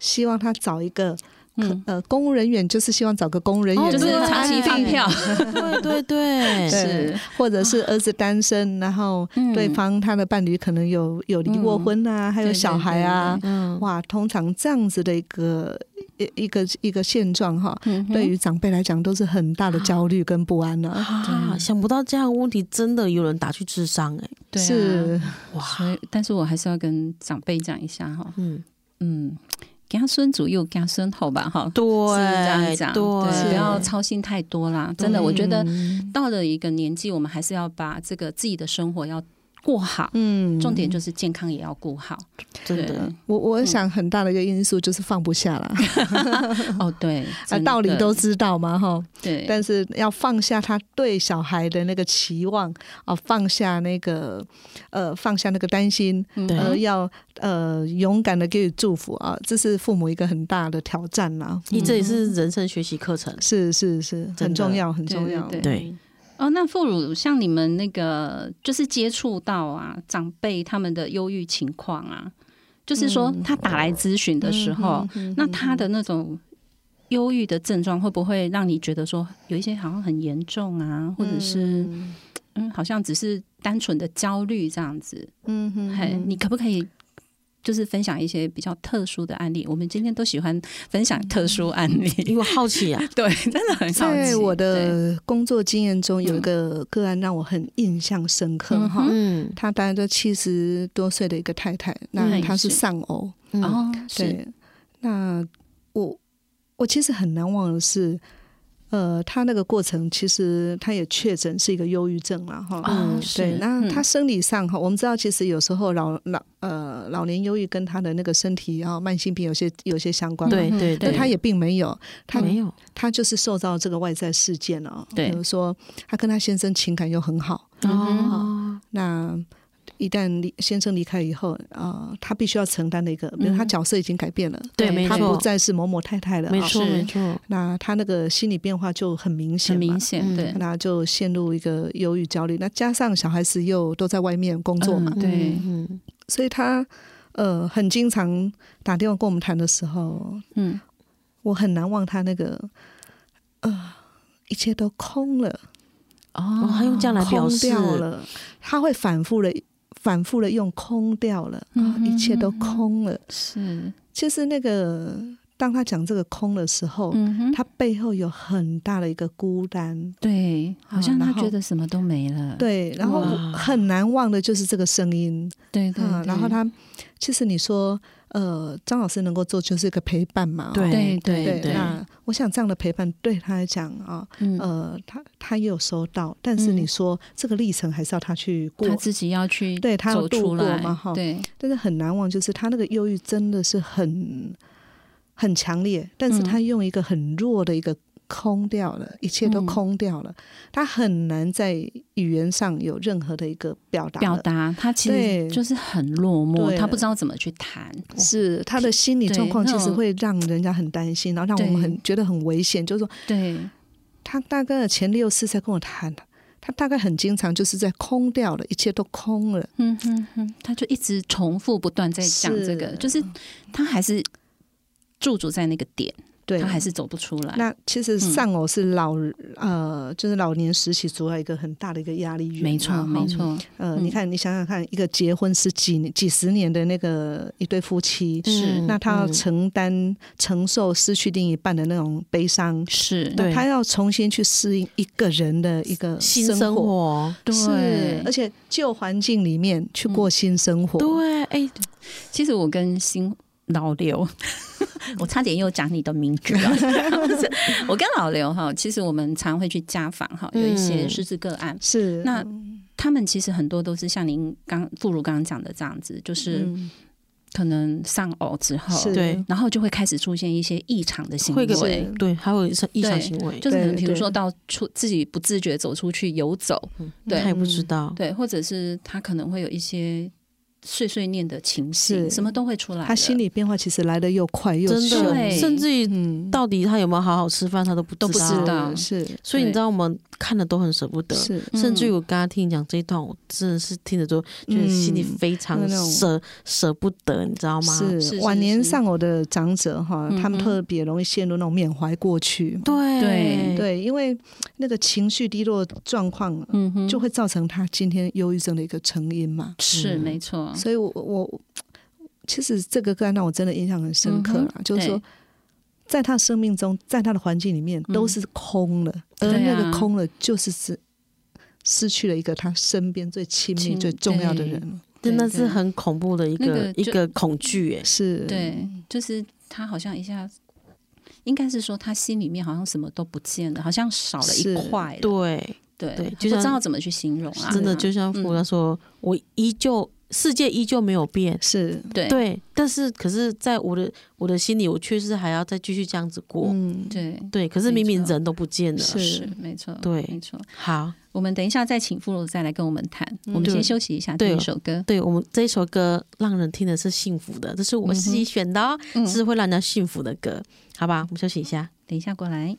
希望他找一個，嗯呃，公務人員就是希望找個公務人員，員、哦，就是長期飯票，對對對，對， 對，是，或者是兒子單身，然後對方他的伴侶可能有有離過婚啊、嗯，還有小孩啊對對對、嗯，哇，通常這樣子的一個。一一個一個現狀哈、嗯，對於長輩來講都是很大的焦慮跟不安呢、啊。啊，想不到這樣的問題真的有人打去諮商哎、欸，對、啊、是哇！所以，但是我還是要跟長輩講一下哈，嗯嗯，給他孫子又給他孫好吧哈，對，是這樣講，對，不要操心太多啦。真的，我覺得到了一個年紀，我們還是要把這個自己的生活要過好，嗯，重點就是健康也要顧好。真的，我我想很大的一個因素就是放不下啦。 哦，對、啊，道理都知道嘛，哈，對。但是要放下他對小孩的那個期望啊，放下那個呃，放下那個擔心，要呃勇敢的給予祝福啊，這是父母一個很大的挑戰吶。你這也是人生學習課程、嗯，是是是，很重要，很重要，對，對，對。哦，那父母像你們那個，就是接觸到啊，長輩他們的憂鬱情況啊，就是說他打來諮詢的時候、嗯，那他的那種憂鬱的症狀會不會讓你覺得說有一些好像很嚴重啊，或者是嗯，嗯，好像只是單純的焦慮這樣子？嗯哼，Hey, 你可不可以？就是分享一些比較特殊的案例。我們今天都喜歡分享特殊案例，因為好奇啊， 對，真的很好奇。在我的工作經驗中，有一個個案讓我很印象深刻哈。嗯，她大概都七十多歲的一個太太，嗯、那她是喪偶。哦、嗯，對，嗯、那我我其實很難忘的是。呃，他那個過程其實他也確診是一個憂鬱症了哈。嗯，對嗯，那他生理上哈，我們知道其實有時候老、嗯、老呃老年憂鬱跟他的那個身體然後、哦、慢性病有些有些相關。對對對。嗯、他也並沒有，他沒有，他就是受到這個外在事件哦。對、嗯。比如說，他跟他先生情感又很好。哦、嗯。那。一旦離先生離開以後啊、呃，他必須要承擔的一個，比、嗯、如他角色已經改變了，對，他、哎、不再是某某太太了，沒錯，那他那個心理變化就很明顯，很明顯，對，那就陷入一個憂鬱焦慮，那加上小孩子又都在外面工作嘛，嗯、對，嗯，所以他呃很經常打電話跟我們談的時候，嗯，我很難忘他那個，呃一切都空了哦，哦，他用這樣來表示，空掉了，他會反覆的。反覆的用空掉了，嗯，一切都空了。是，其實那個當他講這個空的時候，他，嗯、背後有很大的一個孤單。對，好，好像他覺得什麼都沒了。對，然後很難忘的就是這個聲音。對，對，啊，然後他其實你說。呃，張老師能夠做就是一個陪伴嘛、哦，對對，對對對。那我想這樣的陪伴對他來講啊、哦嗯，呃，他他也有收到，但是你說這個歷程還是要他去過，嗯、他自己要去對，對他要度過嘛。哈，對。但是很難忘，就是他那個憂鬱真的是很很強烈，但是他用一個很弱的一個。空掉了，一切都空掉了。嗯，他很難在語言上有任何的一個表達。表達他其實就是很落寞，他不知道怎麼去談，哦。是他的心理狀況，其實會讓人家很擔心，然後讓我們很覺得很危險。就是說，對，他大概前六次在跟我談，他大概很經常就是在空掉了，一切都空了。嗯哼哼、嗯嗯，他就一直重複不斷在講這個，就是他還是駐足在那個點。對，他還是走不出來。那其實喪偶是老、嗯、呃，就是老年時期主要一個很大的一個壓力源，啊、沒錯、嗯呃，沒錯。呃、嗯，你看，你想想看，一個結婚是幾年幾十年的那個一對夫妻，是，那他要承擔、嗯、承受失去另一半的那種悲傷，是，對他要重新去適應一個人的一個新生活，對，而且舊環境裡面去過新生活。嗯、對，哎、欸，其實我跟新。老劉， 我差點又講你的名字了。 我跟老劉哈，其實我們常會去家訪哈，有一些失智個案、嗯、是。那他們其實很多都是像您剛馥如剛剛講的這樣子，就是、嗯、可能喪偶之後，對，然後就會開始出現一些異常的行為，對，還有一些異常行為，就是比如說到處自己不自覺走出去遊走，對，嗯、他也不知道，對，或者是他可能會有一些。碎碎念的情緒，什麼都會出來。他心理變化其實來的又快又深，甚至於、嗯、到底他有沒有好好吃飯，他都不知道都不知道。是，所以你知道我們看的都很捨不得。是，嗯、甚至於我剛剛聽你講這一段，我真的是聽着都就是心裡非常舍捨、嗯、不得，你知道嗎？是，是是是是晚年喪偶的長者哈，他們特別容易陷入那種緬懷過去。嗯、對對對，因為那個情緒低落狀況，嗯哼，就會造成他今天憂鬱症的一個成因嘛。是，嗯、沒錯。所以我，我我其實這個個案讓我真的印象很深刻了、嗯，就是說，在他生命中，在他的環境裡面、嗯、都是空的、嗯，而那個空了、啊、就是失失去了一個他身邊最親密、最重要的人，真的是很恐怖的一個、那個、一個恐懼、欸。是對，就是他好像一下，應該是說他心裡面好像什麼都不見了，好像少了一塊。對對，對，就是不知道怎麼去形容啊。真的就像富蘭說、啊嗯，我依舊。世界依舊沒有變，是對對，但是可是，在我的我的心裡，我確實還要再繼續這樣子過。嗯，對對，可是明明人都不見了，沒錯哦、是沒錯，對沒錯。好，我們等一下再請馥如再來跟我們談、嗯。我們先休息一下，這一首歌。對，對，我們這一首歌讓人聽的是幸福的，這是我們自己選的哦、嗯，是會讓人家幸福的歌，好吧？我們休息一下，等一下過來。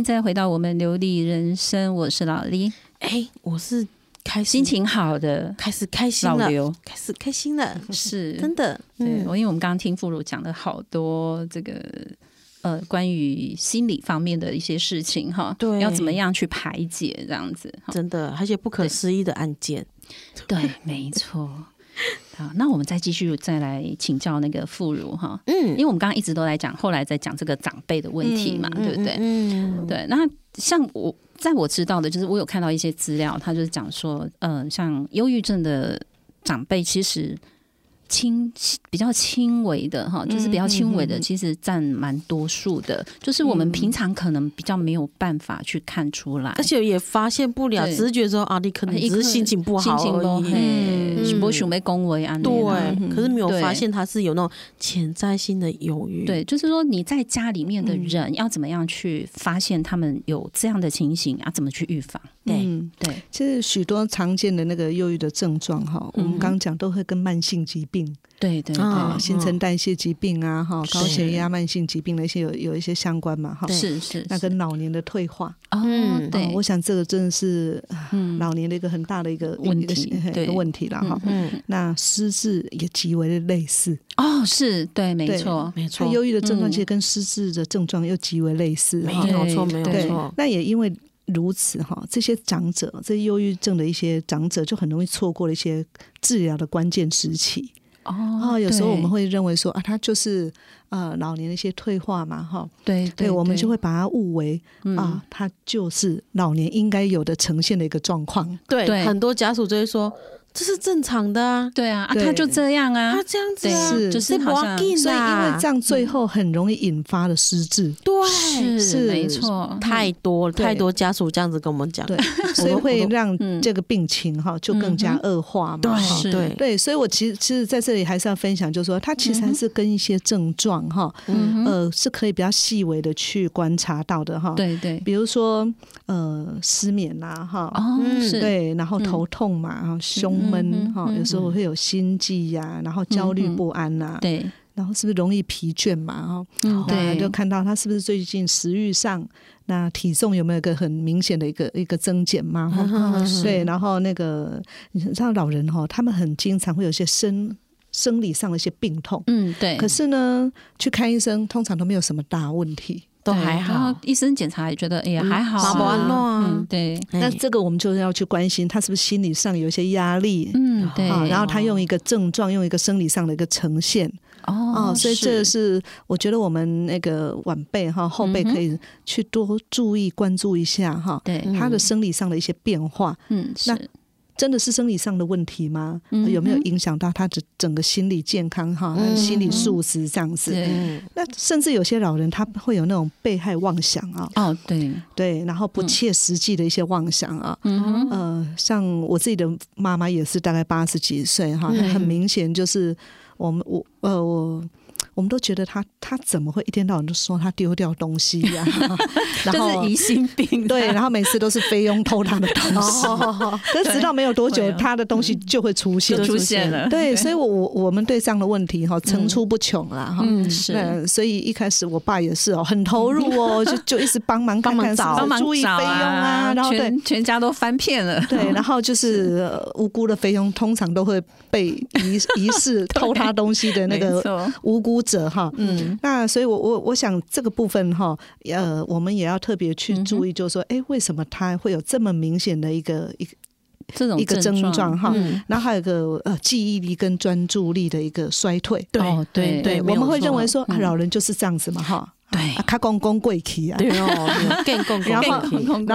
現在回到我們流利人生，我是老莉。哎、欸，我是開心，心情好的，開始開心了，老劉開始開心了，是 真的。對，我、嗯、因為我們剛剛聽馥如講了好多這個呃關於心理方面的一些事情哈，對，要怎麼樣去排解這樣子，真的，而且不可思議的案件，對， 對沒錯。好，那我們再繼續再來請教那個馥如哈，嗯，因為我們剛剛一直都在講，後來在講這個長輩的問題嘛，嗯、對不對、嗯？對。那像我在我知道的，就是我有看到一些資料，他就是講說，嗯、呃，像憂鬱症的長輩，其實。輕，比較輕微的哈，就是比較輕微的，其實佔蠻多數的，嗯嗯，就是我們平常可能比較沒有辦法去看出來，嗯、而且也發現不了，只是覺得說阿你可能一直心情不好而已，嗯嗯，是不準備恭維阿，對，可是沒有發現他是有那種潛在性的憂鬱。嗯。對，就是說你在家裡面的人要怎麼樣去發現他們有這樣的情形，要、嗯啊、怎麼去預防？嗯對，其實許多常見的那個憂鬱的症狀哈、嗯，我們剛剛講都會跟慢性疾病，對對啊、哦，新陳代謝疾病啊哈、嗯，高血壓、啊、慢性疾病的一些有有一些相關嘛哈，是是，那跟老年的退化，是是是嗯，嗯對，我想這個真的是嗯老年的一個很大的一個問題對個，個問題了哈，嗯，那失智也極為類似哦，是對，沒錯沒錯，憂鬱的症狀其實跟失智的症狀又極為類似，哦、對沒有錯沒有錯、嗯，那也因為。如此哈，這些長者，這些憂鬱症的一些長者，就很容易錯過了一些治療的關鍵時期哦。哦，有時候我們會認為說啊，他就是啊、呃，老年的一些退化嘛，哈。對對，我們就會把他誤為、嗯、啊，他就是老年應該有的呈現的一個狀況。對，很多家屬就會說。這是正常的啊，對啊，啊，啊、他就這樣啊，他這樣子啊，是 w o 所以因為這樣，最後很容易引發了失智，對，是，是沒錯，太多了、嗯，太多家屬這樣子跟我們講，對， 所以會讓這個病情哈就更加惡化嘛， 嗯、對，對，所以我其實其實在這裡還是要分享，就是說他其實還是跟一些症狀哈，呃是可以比較細微的去觀察到的哈，對對，比如說呃失眠啦哈，嗯。對，然後頭痛嘛，然後胸。悶、嗯、哈，有時候我會有心悸呀、啊，然後焦慮不安吶、啊嗯，對，然後是不是容易疲倦嘛？哈、嗯，對，就看到他是不是最近食慾上，那體重有沒有一個很明顯的一個一個增減嘛？哈、嗯，對，然後那個你像老人哈、哦，他們很經常會有一些生生理上的一些病痛，嗯，對，可是呢，去看醫生通常都沒有什麼大問題。還好，醫生檢查也覺得也還好、啊，毛毛亂。對，那這個我們就要去關心他是不是心理上有一些壓力。嗯，對。哦、然後他用一個症狀，用一個生理上的一個呈現。哦，哦所以這是，是我覺得我們那個晚輩哈後輩可以去多注意、嗯、關注一下哈，對他的生理上的一些變化。嗯，那是。真的是生理上的問題嗎？有沒有影響到他的整個心理健康？哈、嗯，心理素質這樣子、嗯。那甚至有些老人他會有那種被害妄想啊、哦。哦，對對，然後不切實際的一些妄想啊、哦。嗯嗯、呃。像我自己的媽媽也是，大概八十幾歲哈，很明顯就是我們我呃我。呃我我們都覺得他他怎麼會一天到晚都說他丟掉東西呀、啊？ 然後、就是、疑心病、啊、對，然後每次都是菲傭偷他的東西 哦哦哦哦，可是直到沒有多久，他的東西就會出現對、嗯、出現了。對，對所以我我我們對這樣的問題哈層出不窮啦哈。嗯是。所以一開始我爸也是哦，很投入哦、喔嗯，就就一直幫忙幫忙找，幫忙找啊。然後對全全家都翻片了翻遍了。對，然後就是無辜的菲傭通常都會被疑疑似偷他東西的那個 無辜。者哈，嗯，那所以我我我想這個部分哈，呃，我們也要特別去注意，就是說，哎、嗯、欸，為什麼他會有這麼明顯的一個一個這種狀一個症狀哈、嗯？然後還有一個呃記憶力跟專注力的一個衰退，對對對，對，我們會認為說、啊嗯、老人就是這樣子嘛哈、啊嗯？對、哦，他公公貴體啊，然後然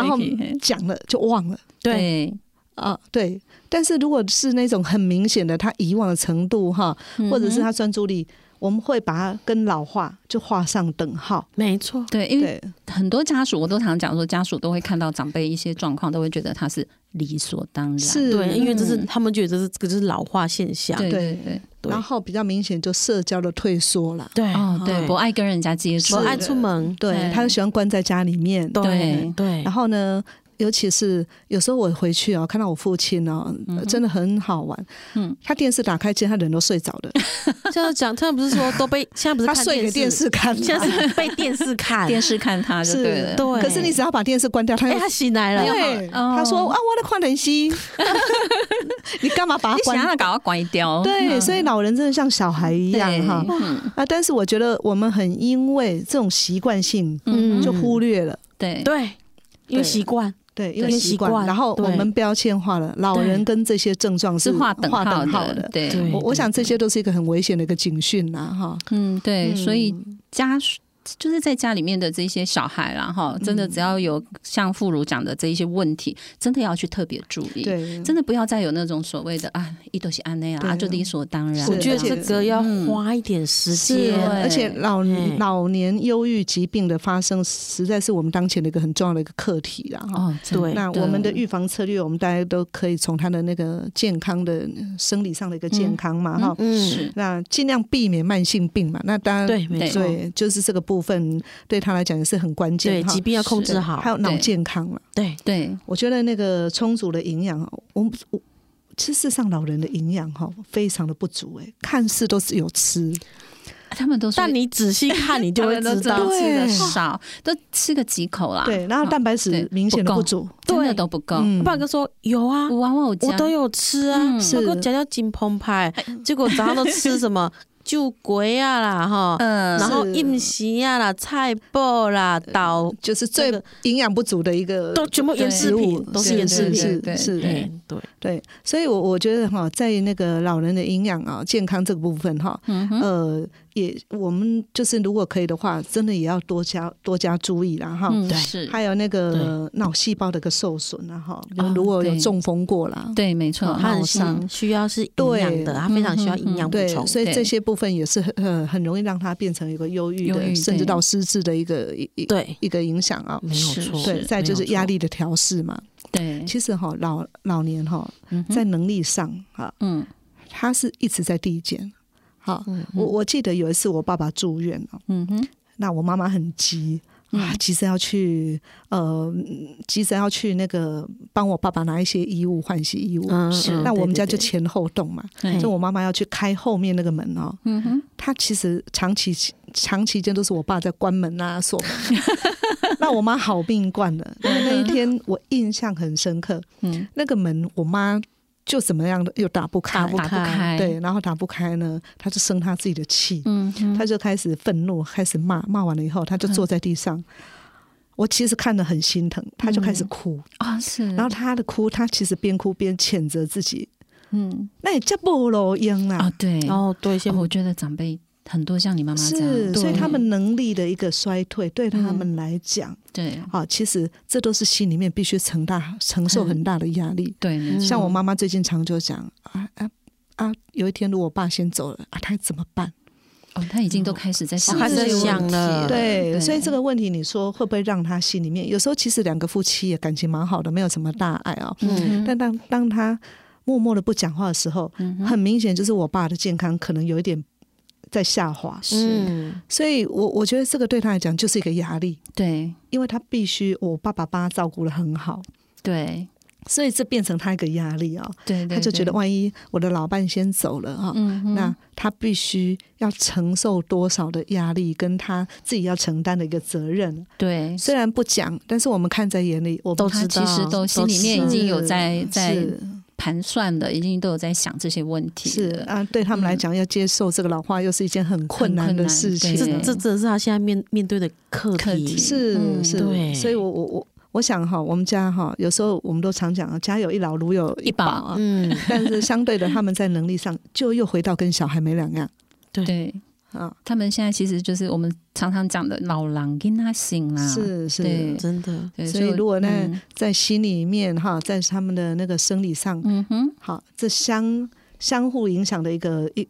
後講了就忘了，對啊對、哦、對，但是如果是那種很明顯的他遺忘的程度哈，或者是他專注力。我們會把它跟老化就畫上等號，沒錯。對，因為很多家屬我都常常講說，家屬都會看到長輩一些狀況，都會覺得他是理所當然的是，對，因為這是、嗯、他們覺得是這個是老化現象。對對,對,對，然後比較明顯就社交的退縮了，對對,、哦、對，不愛跟人家接觸，不愛出門，對他喜歡關在家裡面，對對,對。然後呢？尤其是有時候我回去啊、喔，看到我父親啊、喔嗯呃，真的很好玩。嗯，他電視打開，竟然他人都睡着了。這樣講，他不是說都被現在不是他睡給電視看嗎？現在是被電視看 電視看他對。是，對。可是你只要把電視關掉，哎、欸，他醒來了。對、哦，他說啊，我在看電視。 啊、你干嘛把想了？你把它關掉。對，所以老人真的像小孩一樣哈、嗯嗯。啊，但是我覺得我們很因為這種習慣性，嗯，就忽略了。對，對，因為習慣。對，一個習慣，然後我們標籤化了老人跟這些症狀是劃等、等號的。對，我我想這些都是一個很危險的一個警訊吶、啊，哈。嗯，對，所以家屬。嗯就是在家裡面的這些小孩啦，哈、嗯，真的只要有像父母講的這一些問題，真的要去特別注意，對，真的不要再有那種所謂的啊，伊就是按呢啊，就理所當然、啊。我覺得這個、嗯、要花一點時間，而且老老年憂鬱疾病的發生，實在是我們當前的一個很重要的一個課題啊哈、哦，對。那我們的預防策略，我們大家都可以從他的那個健康的生理上的一個健康嘛，哈、嗯，嗯，是，那儘量避免慢性病嘛，那當然對，沒錯，就是這個不。部分對他來講也是很關鍵，疾病要控制好，還有腦健康了。對對，對，我覺得那個充足的營養，我我其實上老人的營養哈非常的不足、欸，哎，看似都是有吃，他們都是，但你仔細看，你就會知道，知道吃的少，都吃個幾口啦。對，然後蛋白質明顯的不足，對，都不夠。爸哥說有啊，我都有吃啊，嗯、我都講講金澎湃，結果早上都吃什麼？ 酒鬼啊啦，哈、嗯，然後飲食啊啦，菜脯啦，倒、呃、就是最營養不足的一個、這個，都全部是食物，都是食物，是對是對，對，對，對，所以我我覺得哈，在那個老人的營養啊健康這個部分哈、嗯，呃。也，我們就是如果可以的話，真的也要多加多加注意啦。哈。對，是。還有那個腦細胞的一個受損了哈。如果有中風過啦，對，喔、對沒錯。腦傷需要是營養的，他、嗯、非常需要營養補充。對，所以這些部分也是很很容易讓他變成一個憂鬱的，甚至到失智的一個一一個影響啊、喔。沒有錯。對，是是對，再就是壓力的調適嘛對。對，其實哈，老老年哈、嗯，在能力上哈、啊，嗯，他是一直在遞減。好，我我記得有一次我爸爸住院了，嗯哼，那我媽媽很急啊，急着要去，呃，急着要去那個幫我爸爸拿一些衣物、換洗衣物、嗯，是。那我們家就前後動嘛，就我媽媽要去開後面那個門哦，嗯哼。她其實長期、長期間都是我爸在關門啊鎖門啊， 那我媽好命慣了。那一天我印象很深刻，嗯，那個門我媽。就怎麼樣的又打不開，打不開，對，然後打不開呢，他就生他自己的氣，嗯，他就開始憤怒，開始罵，罵完了以後，他就坐在地上，嗯。我其實看得很心疼，他就開始哭啊，嗯哦，是，然後他的哭，他其實邊哭邊譴責自己，嗯，那也叫不囉，音了啊，對，然後多一些，哦，我覺得長輩。很多像你媽媽這樣是，所以他們能力的一個衰退，對他們來講，嗯、對，好、啊，其實這都是心裡面必須承大，承受很大的壓力。嗯、對，像我媽媽最近常就講、嗯、啊啊啊，有一天如果我爸先走了，啊，她怎麼辦？哦，他已經都開始在、嗯啊、想了、啊想了對。對，所以這個問題，你說會不會讓他心裡面？有時候其實兩個夫妻也感情蠻好的，沒有什麼大礙哦。嗯，但當當他默默的不講話的時候、嗯，很明顯就是我爸的健康可能有一點。在下滑，是。所以我我覺得這個對他來講就是一個壓力，對，因為他必須我爸爸幫他照顧得很好，對，所以這變成他一個壓力啊、喔，對，對，對，他就覺得萬一我的老伴先走了啊、喔嗯，那他必須要承受多少的壓力，跟他自己要承擔的一個責任，對，雖然不講，但是我們看在眼裡，我們都知道，他其實都心裡面已經有在在。盤算的一定都有在想這些問題，是啊，對他們來講、嗯，要接受這個老化又是一件很困難的事情。這這正是他現在面面對的課題。題嗯、是是對，所以我我我我想哈，我們家哈，有時候我們都常講啊，家有一老，如有一寶啊。嗯，但是相對的， 他們在能力上就又回到跟小孩沒兩樣。對。對啊，他們現在其實就是我們常常講的老人跟他醒了，是是真的。所以如果那、嗯、在心裡面哈，在他們的那個生理上，嗯哼，好，這相相互影響的一個一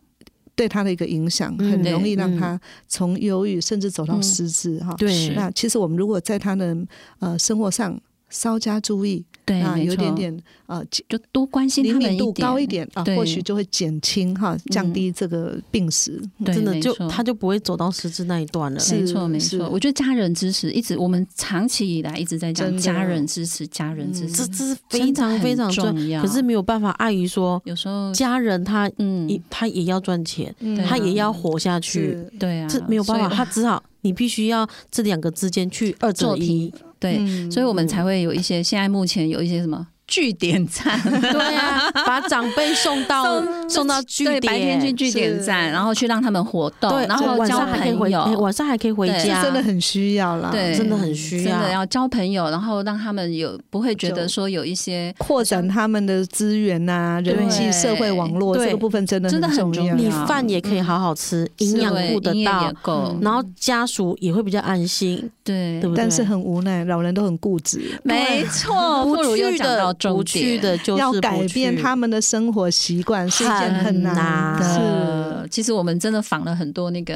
對他的一個影響、嗯，很容易讓他從憂鬱甚至走到失智哈、嗯喔。對，那其實我們如果在他的呃生活上稍加注意，對啊，有點點。呃，就多關心他們，密度高一點啊，或許就會減輕哈，降低這個病史，嗯，真的就他就不會走到失智那一段了。沒錯，沒錯。我覺得家人支持一直，我們長期以來一直在講家、啊、家人支持，家人支持，這這是非常非常重要。可是沒有辦法，礙於說有時候家人他嗯，他也要賺錢，他也要活下去、嗯，活下去，對啊，這沒有辦法，他只好你必須要這兩個之間去二擇一。嗯、對、嗯，所以我們才會有一些、呃、現在目前有一些什麼，據點站。 對呀、啊，把長輩送到送，送到據點，白天去據點站，然後去讓他們活動，然後晚上還可以回，晚上還可以回家，真的很需要啦。對，真的很需要，真的要交朋友，然後讓他們有不會覺得說有一些擴展他們的資源吶、啊，人際社會網絡這個部分真的很重要。米飯也可以好好吃，營養顧得到的、嗯，然後家屬也會比較安心，對，但是很無奈，老人都很固執，沒錯， 不如要講到。不去的，就是要改變他們的生活習慣是一件很難的。難的。呃、其實我們真的訪了很多那個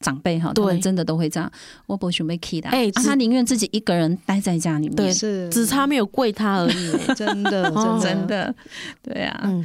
長輩哈，他們真的都會這樣。我不會喂 k i 哎，他寧願自己一個人待在家裡面，對，是只差沒有跪他而已。嗯、真的，真的， 真的，對啊，嗯，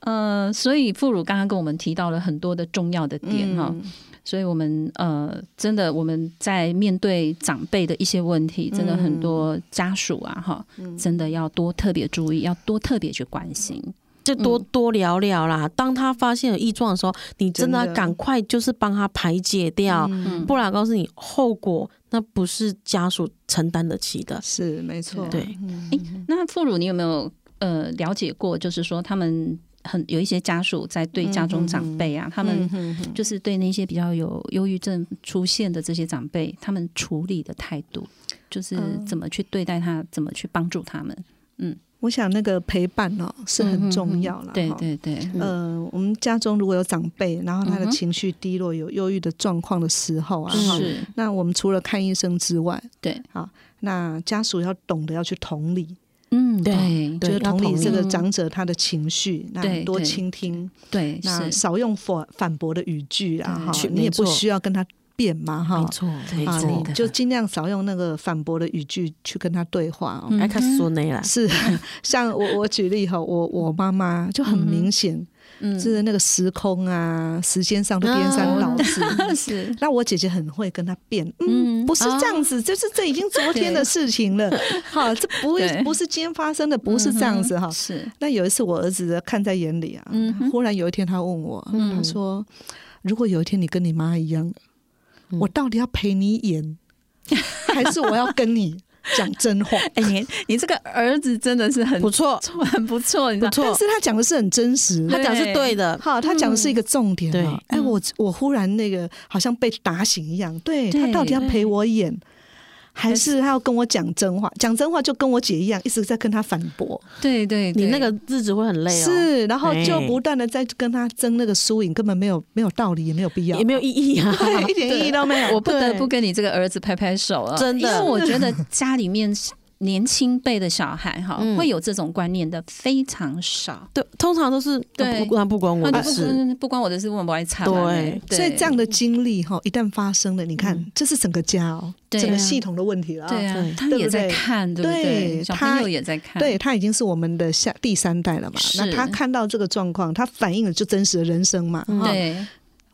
呃、所以馥如剛剛跟我們提到了很多的重要的點哈。嗯所以，我們呃，真的，我們在面對長輩的一些問題，真的很多家屬啊，哈、嗯，真的要多特別注意，要多特別去關心，就多多聊聊啦。嗯、當他發現了異狀的時候，你真的趕快就是幫他排解掉。嗯、不然，告訴你後果，那不是家屬承擔得起的。是沒錯，對。嗯欸、那父母你有沒有呃了解過？就是說他們。很有一些家屬在對家中長輩啊、嗯哼哼，他們就是對那些比較有憂鬱症出現的這些長輩，嗯哼哼，他們處理的態度，就是怎麼去對待他、呃，怎麼去幫助他們。嗯，我想那個陪伴哦是很重要啦、嗯哼哼。對對對，呃，我們家中如果有長輩，然後他的情緒低落、有憂鬱的狀況的時候啊，嗯、是那我們除了看醫生之外，對好，那家屬要懂得要去同理，嗯，對，對就是同理這個長者他的情緒、嗯，那多傾聽對對，對，那少用反反駁的語句啦、啊，哈，你也不需要跟他辯嘛，哈，沒錯，啊，你就儘量少用那個反駁的語句去跟他對話、喔，哎，他說內了，是，像我我舉例哈，我我媽媽就很明顯。嗯嗯，就是那個時空啊，時間上的顛三倒四。是，那我姐姐很會跟他辯，嗯，不是這樣子、啊，就是這已經昨天的事情了。 好，這不會不是今天發生的，不是這樣子哈、嗯。是。那有一次我兒子看在眼裡啊，嗯、忽然有一天他問我、嗯，他說：“如果有一天你跟你媽一樣、嗯，我到底要陪你演，嗯、還是我要跟你？” 講真話，哎、欸，你你這個兒子真的是很不錯，很不錯，你知道，不錯。但是，他講的是很真實，他講是對的。好，他講的是一個重點嘛。哎、嗯欸，我我忽然那個好像被打醒一樣，對，對他到底要陪我演。還是他要跟我講真話，講真話就跟我姐一樣，一直在跟他反駁。對，對對，你那個日子會很累哦，是，然後就不斷的在跟他爭那個輸贏，根本沒有沒有道理，也沒有必要，也沒有意義啊，對，一點意義都沒有。我不得不跟你這個兒子拍拍手啊。真的。因為我覺得家裡面。年輕輩的小孩哈、嗯，會有這種觀念的非常少。對，通常都是對，那不，不，不，不關我的事，不關我的事，不關我們不愛插嘴。所以這樣的經歷哈，一旦發生了，你看，嗯、這是整個家哦、啊，整個系統的問題了。對啊，對他也在看，對不對？對他，小朋友也在看，對他已經是我們的下第三代了嘛。那他看到這個狀況，他反映了就真實的人生嘛。嗯哦、對。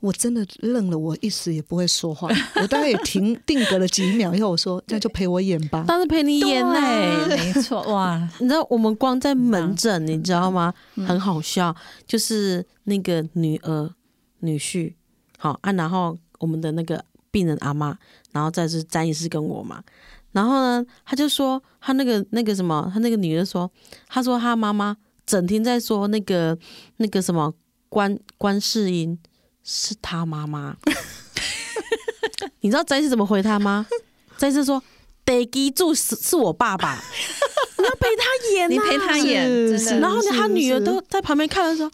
我真的愣了我，我一時也不會說話， 我大概也停定格了幾秒以後，我說：“那就陪我演吧。 ”當時陪你演嘞、欸，啊、 沒錯哇！ 你知道我們光在門診，嗯啊、你知道嗎、嗯嗯？很好笑，就是那個女兒、女婿，好啊，然後我們的那個病人阿媽，然後再是詹醫師跟我嘛。然後呢，他就說他那個那個什麼，他那個女兒說，他說他媽媽整天在說那個那個什麼觀觀世音。是他媽媽， 你知道詹醫師怎麼回他嗎？ 詹醫師說 Daddy 住是我爸爸，你 要陪他演，啊， 你陪他演。”然後呢，他女兒都在旁邊看的時候，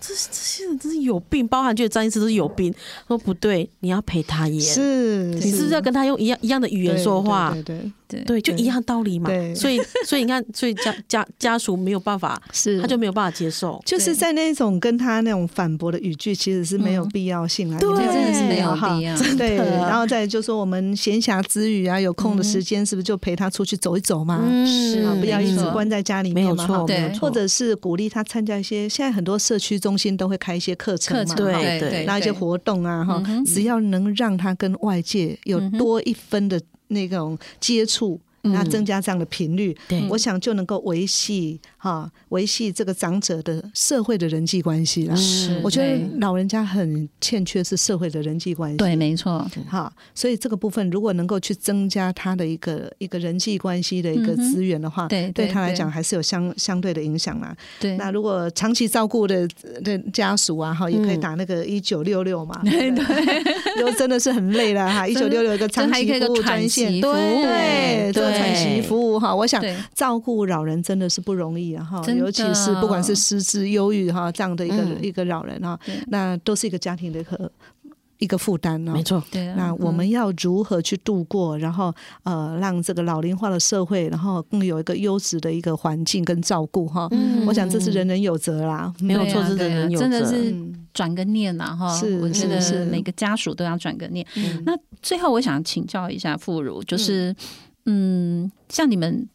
這這些人真是有病，包含覺得詹醫師都是有病。說不對，你要陪他演，是，是，你是不是要跟他用一樣一樣的語言說話？對對對對。對，就一樣道理嘛。對，所以所以你看，所以家家家屬沒有辦法， 是他就沒有辦法接受。就是在那種跟他那種反駁的語句，其實是沒有必要性啊、嗯。對，真的是沒有必要。對，然後再就是說我們閒暇之餘啊，有空的時間是不是就陪他出去走一走嘛？是啊，不要一直關在家裡面嘛、嗯。對，或者是鼓勵他參加一些，現在很多社區中心都會開一些課程，程嘛。對對，對，對，那一些活動啊哈、嗯，只要能讓他跟外界有多一分的。那種接觸，那增加這樣的頻率，嗯對，我想就能夠維繫。哈，維繫這個長者的社會的人際關係啦，是，是，我覺得老人家很欠缺是社會的人際關係，對，沒錯，哈、嗯，所以這個部分如果能夠去增加他的一個一個人際關係的一個資源的話，嗯、對，對，對，對，對，對他來講還是有相相對的影響啦。對，那如果長期照顧的的家屬啊，哈，也可以打那個一九六六嘛，對、嗯、 對，就對 真的是很累了哈，一九六六一個長期服務專線、嗯，對，做喘息服務哈，我想照顧老人真的是不容易、啊。然後、啊，尤其是不管是失智憂鬱哈，這樣的一個、嗯、一個老人啊，那都是一個家庭的一個一個負擔呢、哦。沒錯對、啊，那我們要如何去度過？嗯、然後呃，讓這個老齡化的社會，然後更有一個優質的一個環境跟照顧哈、嗯。我想這是人人有責啦，嗯、沒有錯，真的是人人有責、啊、真的是轉個念啊哈。是、嗯，真的是每個家屬都要轉個念。那最後，我想請教一下馥如、嗯，就是嗯，像你們。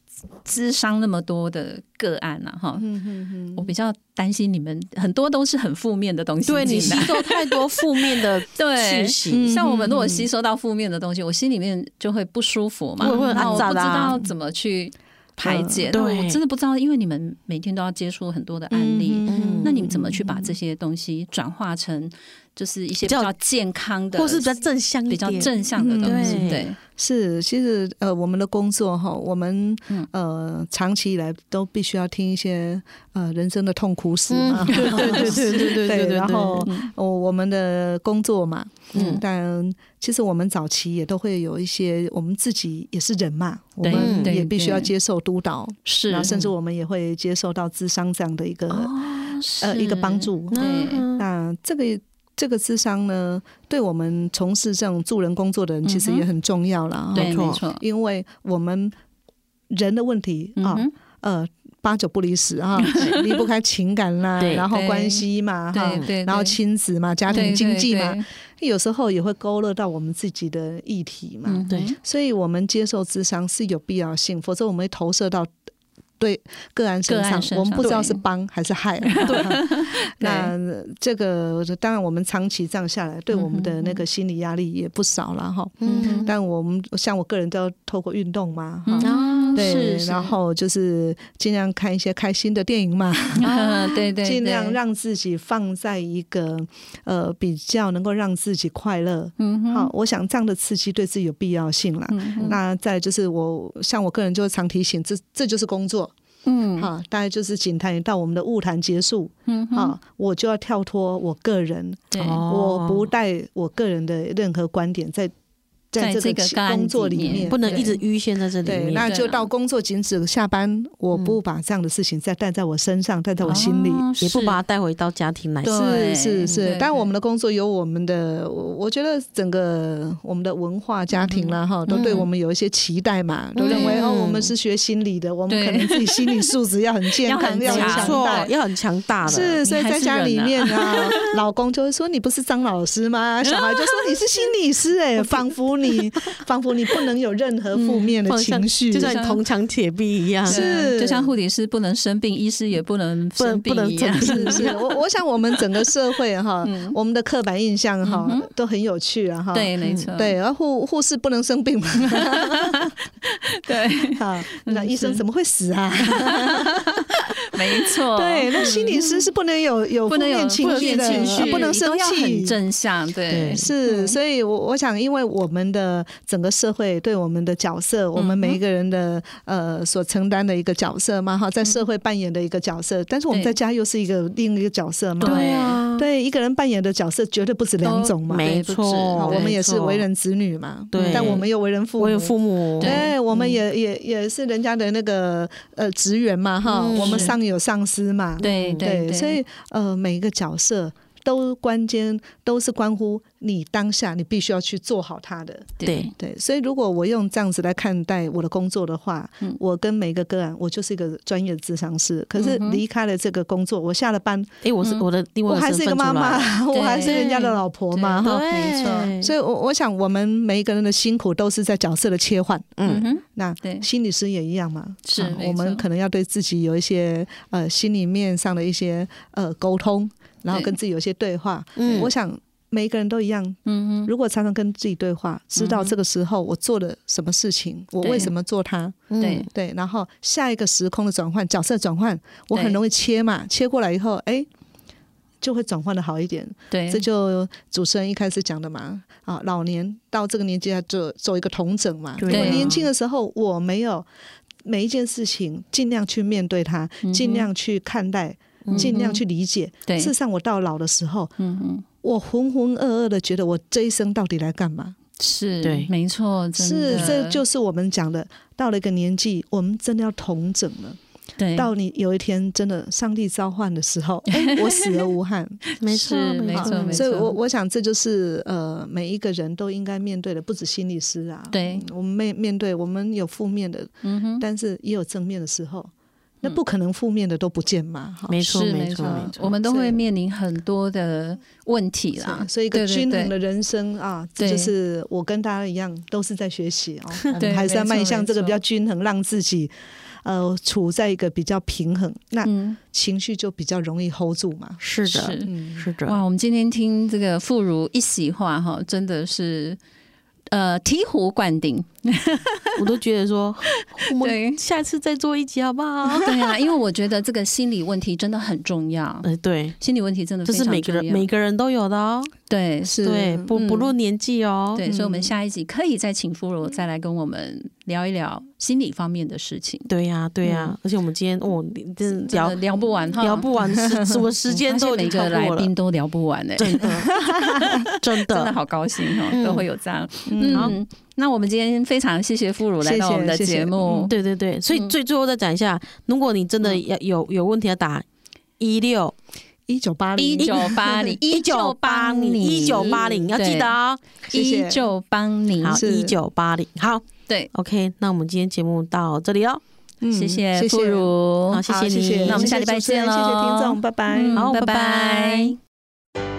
諮商那麼多的個案呢、啊，哈、嗯，我比較擔心你們很多都是很負面的東西，對你吸收太多負面的信息。 像我們如果吸收到負面的東西， 我心裡面就會不舒服嘛，我會很啊，不知道怎麼去排解、嗯。對，我真的不知道，因為你們每天都要接觸很多的案例、嗯哼哼，那你們怎麼去把這些東西轉化成？就是一些比較健康的，或是比較正向、比較正向的東西，嗯、對，對，是。其實呃，我們的工作哈，我們、嗯、呃，長期以來都必須要聽一些呃人生的痛苦史嘛，嗯、 對，對對對對對對。對，然後我、嗯呃、我們的工作嘛，嗯，但其實我們早期也都會有一些，我們自己也是人嘛，嗯、我們也必須要接受督導，是，然後甚至我們也會接受到諮商這樣的一個呃一個幫助，對、啊。那這個。這個諮商呢，對我們從事這種助人工作的人，其實也很重要啦，嗯。對，沒錯，因為我們人的問題啊、嗯，呃，八九不離十啊，離、嗯、不開情感啦， 然後關係嘛，哈，然後親子嘛，家庭經濟嘛，對對對有時候也會勾勒到我們自己的議題嘛。對、嗯，所以，我們接受諮商是有必要性，否則我們會投射到。對個人身，身上，我們不知道是幫還是害、啊。對，對， 對，那這個當然，我們長期這樣下來，對我們的那個心理壓力也不少啦哈。嗯，嗯，但我們像我個人都要透過運動嘛，嗯、對、啊是是，然後就是盡量看一些開心的電影嘛，啊、對，對對，盡量讓自己放在一個呃比較能夠讓自己快樂。嗯哼，好，我想這樣的刺激對自己有必要性啦。嗯、那再就是我像我個人就會常提醒，這這就是工作。嗯，好、啊，大概就是警探一到我們的晤談結束，嗯，好、啊，我就要跳脫我個人，我不帶我個人的任何觀點在。在這個工作裡面不能一直淤陷在這裡面，對，那就到工作僅止下班，我不把這樣的事情再帶在我身上，帶、嗯、在我心裡，啊、也不把它帶回到家庭來。對是是是對，但我們的工作有我們的，我覺得整個我們的文化家庭了、啊、哈、嗯，都對我們有一些期待嘛，都、嗯、認為哦，我們是學心理的、嗯，我們可能自己心理素質要很健康， 要強大，要很強大了。是，所以在家裡面呢、啊，老公就會說你不是張老師嗎？小孩就說你是心理師哎、欸啊，仿佛。 你仿佛你不能有任何負面的情緒、嗯，就像銅牆鐵壁一樣，是就像護理師不能生病，醫師也不能生病一樣，不能不能是是？我我想我們整個社會哈、嗯，我們的刻板印象哈、嗯、都很有趣啊，哈，對，沒錯，對，而護護士不能生病， 對，好，那醫生怎麼會死啊？ 沒錯，對，那心理師是不能有有負面情緒的、啊，不能生氣，要很正向，對，對是、嗯，所以，我我想，因為我們。的整個社會對我們的角色，嗯、我們每一個人的、嗯、呃所承擔的一個角色嘛哈、嗯，在社會扮演的一個角色，但是我們在家又是一個另一個角色嘛。對啊，對一個人扮演的角色絕對不止兩種嘛沒、嗯，沒錯。我們也是為人子女嘛，對，但我們又為人父母，為人父母對。對，我們也、嗯、也也是人家的那個呃職員嘛哈、嗯，我們上有上司嘛，對對，對，、嗯對。所以呃，每一個角色。都關鍵都是關乎你當下，你必須要去做好它的。對對，所以如果我用這樣子來看待我的工作的話，嗯、我跟每一個個案，我就是一個專業的諮商師、嗯。可是離開了這個工作，我下了班，誒、嗯，我是我的我還是一個媽媽、嗯，我還是人家的老婆嘛，哈、哦。沒錯。所以我，我我想，我們每一個人的辛苦都是在角色的切換。嗯，嗯哼，那對心理師也一樣嘛。是、啊，我們可能要對自己有一些呃心裡面上的一些呃溝通。然後跟自己有些對話對、嗯，我想每一個人都一樣，嗯，如果常常跟自己對話，知道這個時候我做了什麼事情，嗯、我為什麼做它，對對，對，然後下一個時空的轉換，角色轉換，我很容易切嘛，切過來以後，哎，就會轉換的好一點，對，這就主持人一開始講的嘛，啊，老年到這個年紀要做做一個統整嘛，對啊、年輕的時候我沒有每一件事情儘量去面對它，嗯、儘量去看待。盡量去理解。嗯、對，事實上，我到老的時候，嗯、我渾渾噩噩的，覺得我這一生到底來幹嘛？是對，沒錯，真的是這就是我們講的，到了一個年紀，我們真的要統整了。對，到你有一天真的上帝召喚的時候，我死了無憾。 沒錯，沒錯，所以我我想這就是呃每一個人都應該面對的，不止心理師啊，對，嗯、我們面面對我們有負面的、嗯，但是也有正面的時候。那不可能，負面的都不見嘛、嗯沒。沒錯，沒錯，我們都會面臨很多的問題啦，所以一個均衡的人生對對對啊，就是我跟大家一樣，都是在學習哦，對嗯、對還是要邁向這個比較均衡，讓自己呃處在一個比較平衡、嗯，那情緒就比較容易 hold 住嘛。是的，嗯、是的。哇，我們今天聽這個馥如一席話哈，真的是。呃，醍醐灌頂， 我都覺得說，對，下次再做一集好不好？ 對呀、啊，因為我覺得這個心理問題真的很重要。呃、對，心理問題真的很重要。這、就是每個人每個人都有的哦。對，是對，嗯、不不論年紀哦。對，所以我們下一集可以再請馥如再來跟我們。嗯聊一聊心理方面的事情，對呀、啊，對呀、啊嗯，而且我們今天我、哦、真聊聊不完，聊不完， 什麼時間都哪、嗯、個來賓都聊不完、欸，哎，真的， 真的， 真的好高興哈、哦嗯，都會有這樣嗯。嗯，那我們今天非常謝謝馥如來到我們的節目，謝謝謝謝嗯、對對對。所以最最後再講一下，嗯、如果你真的要有、嗯、有問題，要打一六一九八零一九八零一九八零一九八零，1980, 1980, 要記得哦。一九八零一九八零好。.對，OK，那我們今天節目到這裡哦。嗯，謝謝，馥如、嗯謝謝，好，謝謝你，謝謝。那我們下禮拜見嘍，謝謝聽眾，拜拜、嗯，好，拜拜。拜拜。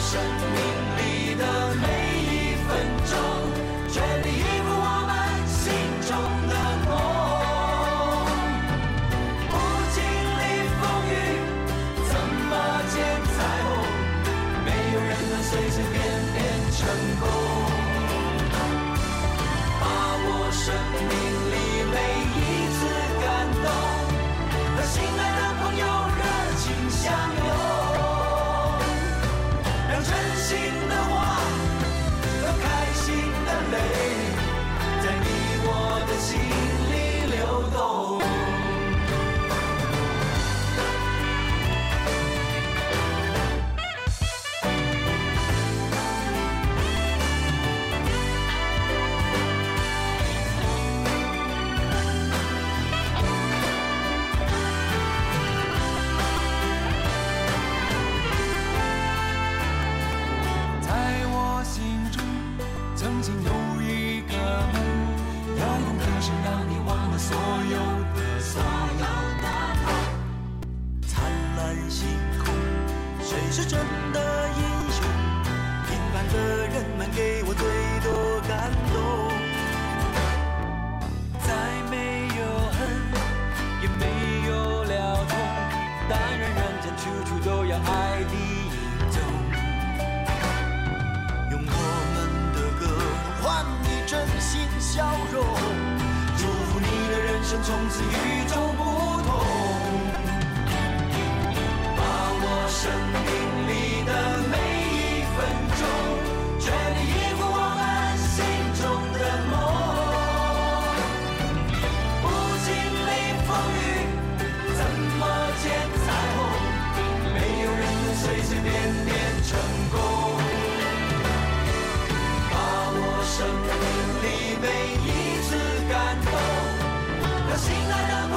生命。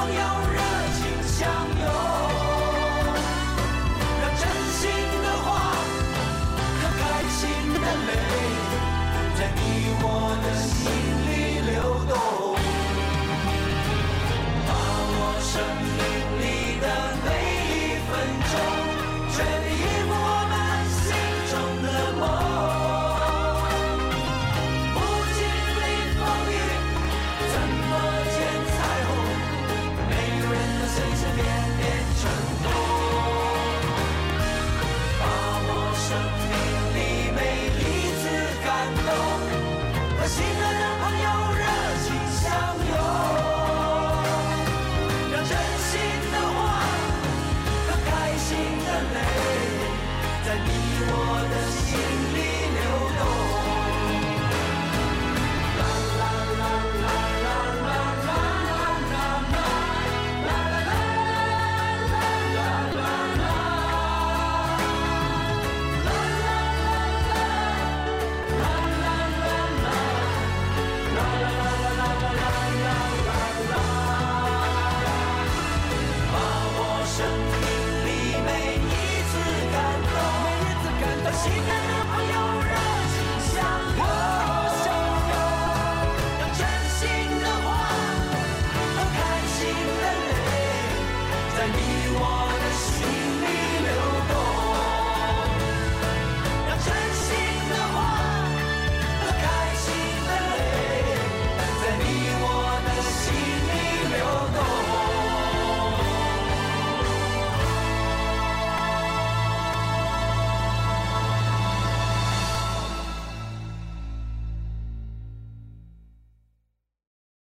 朋友熱情相擁。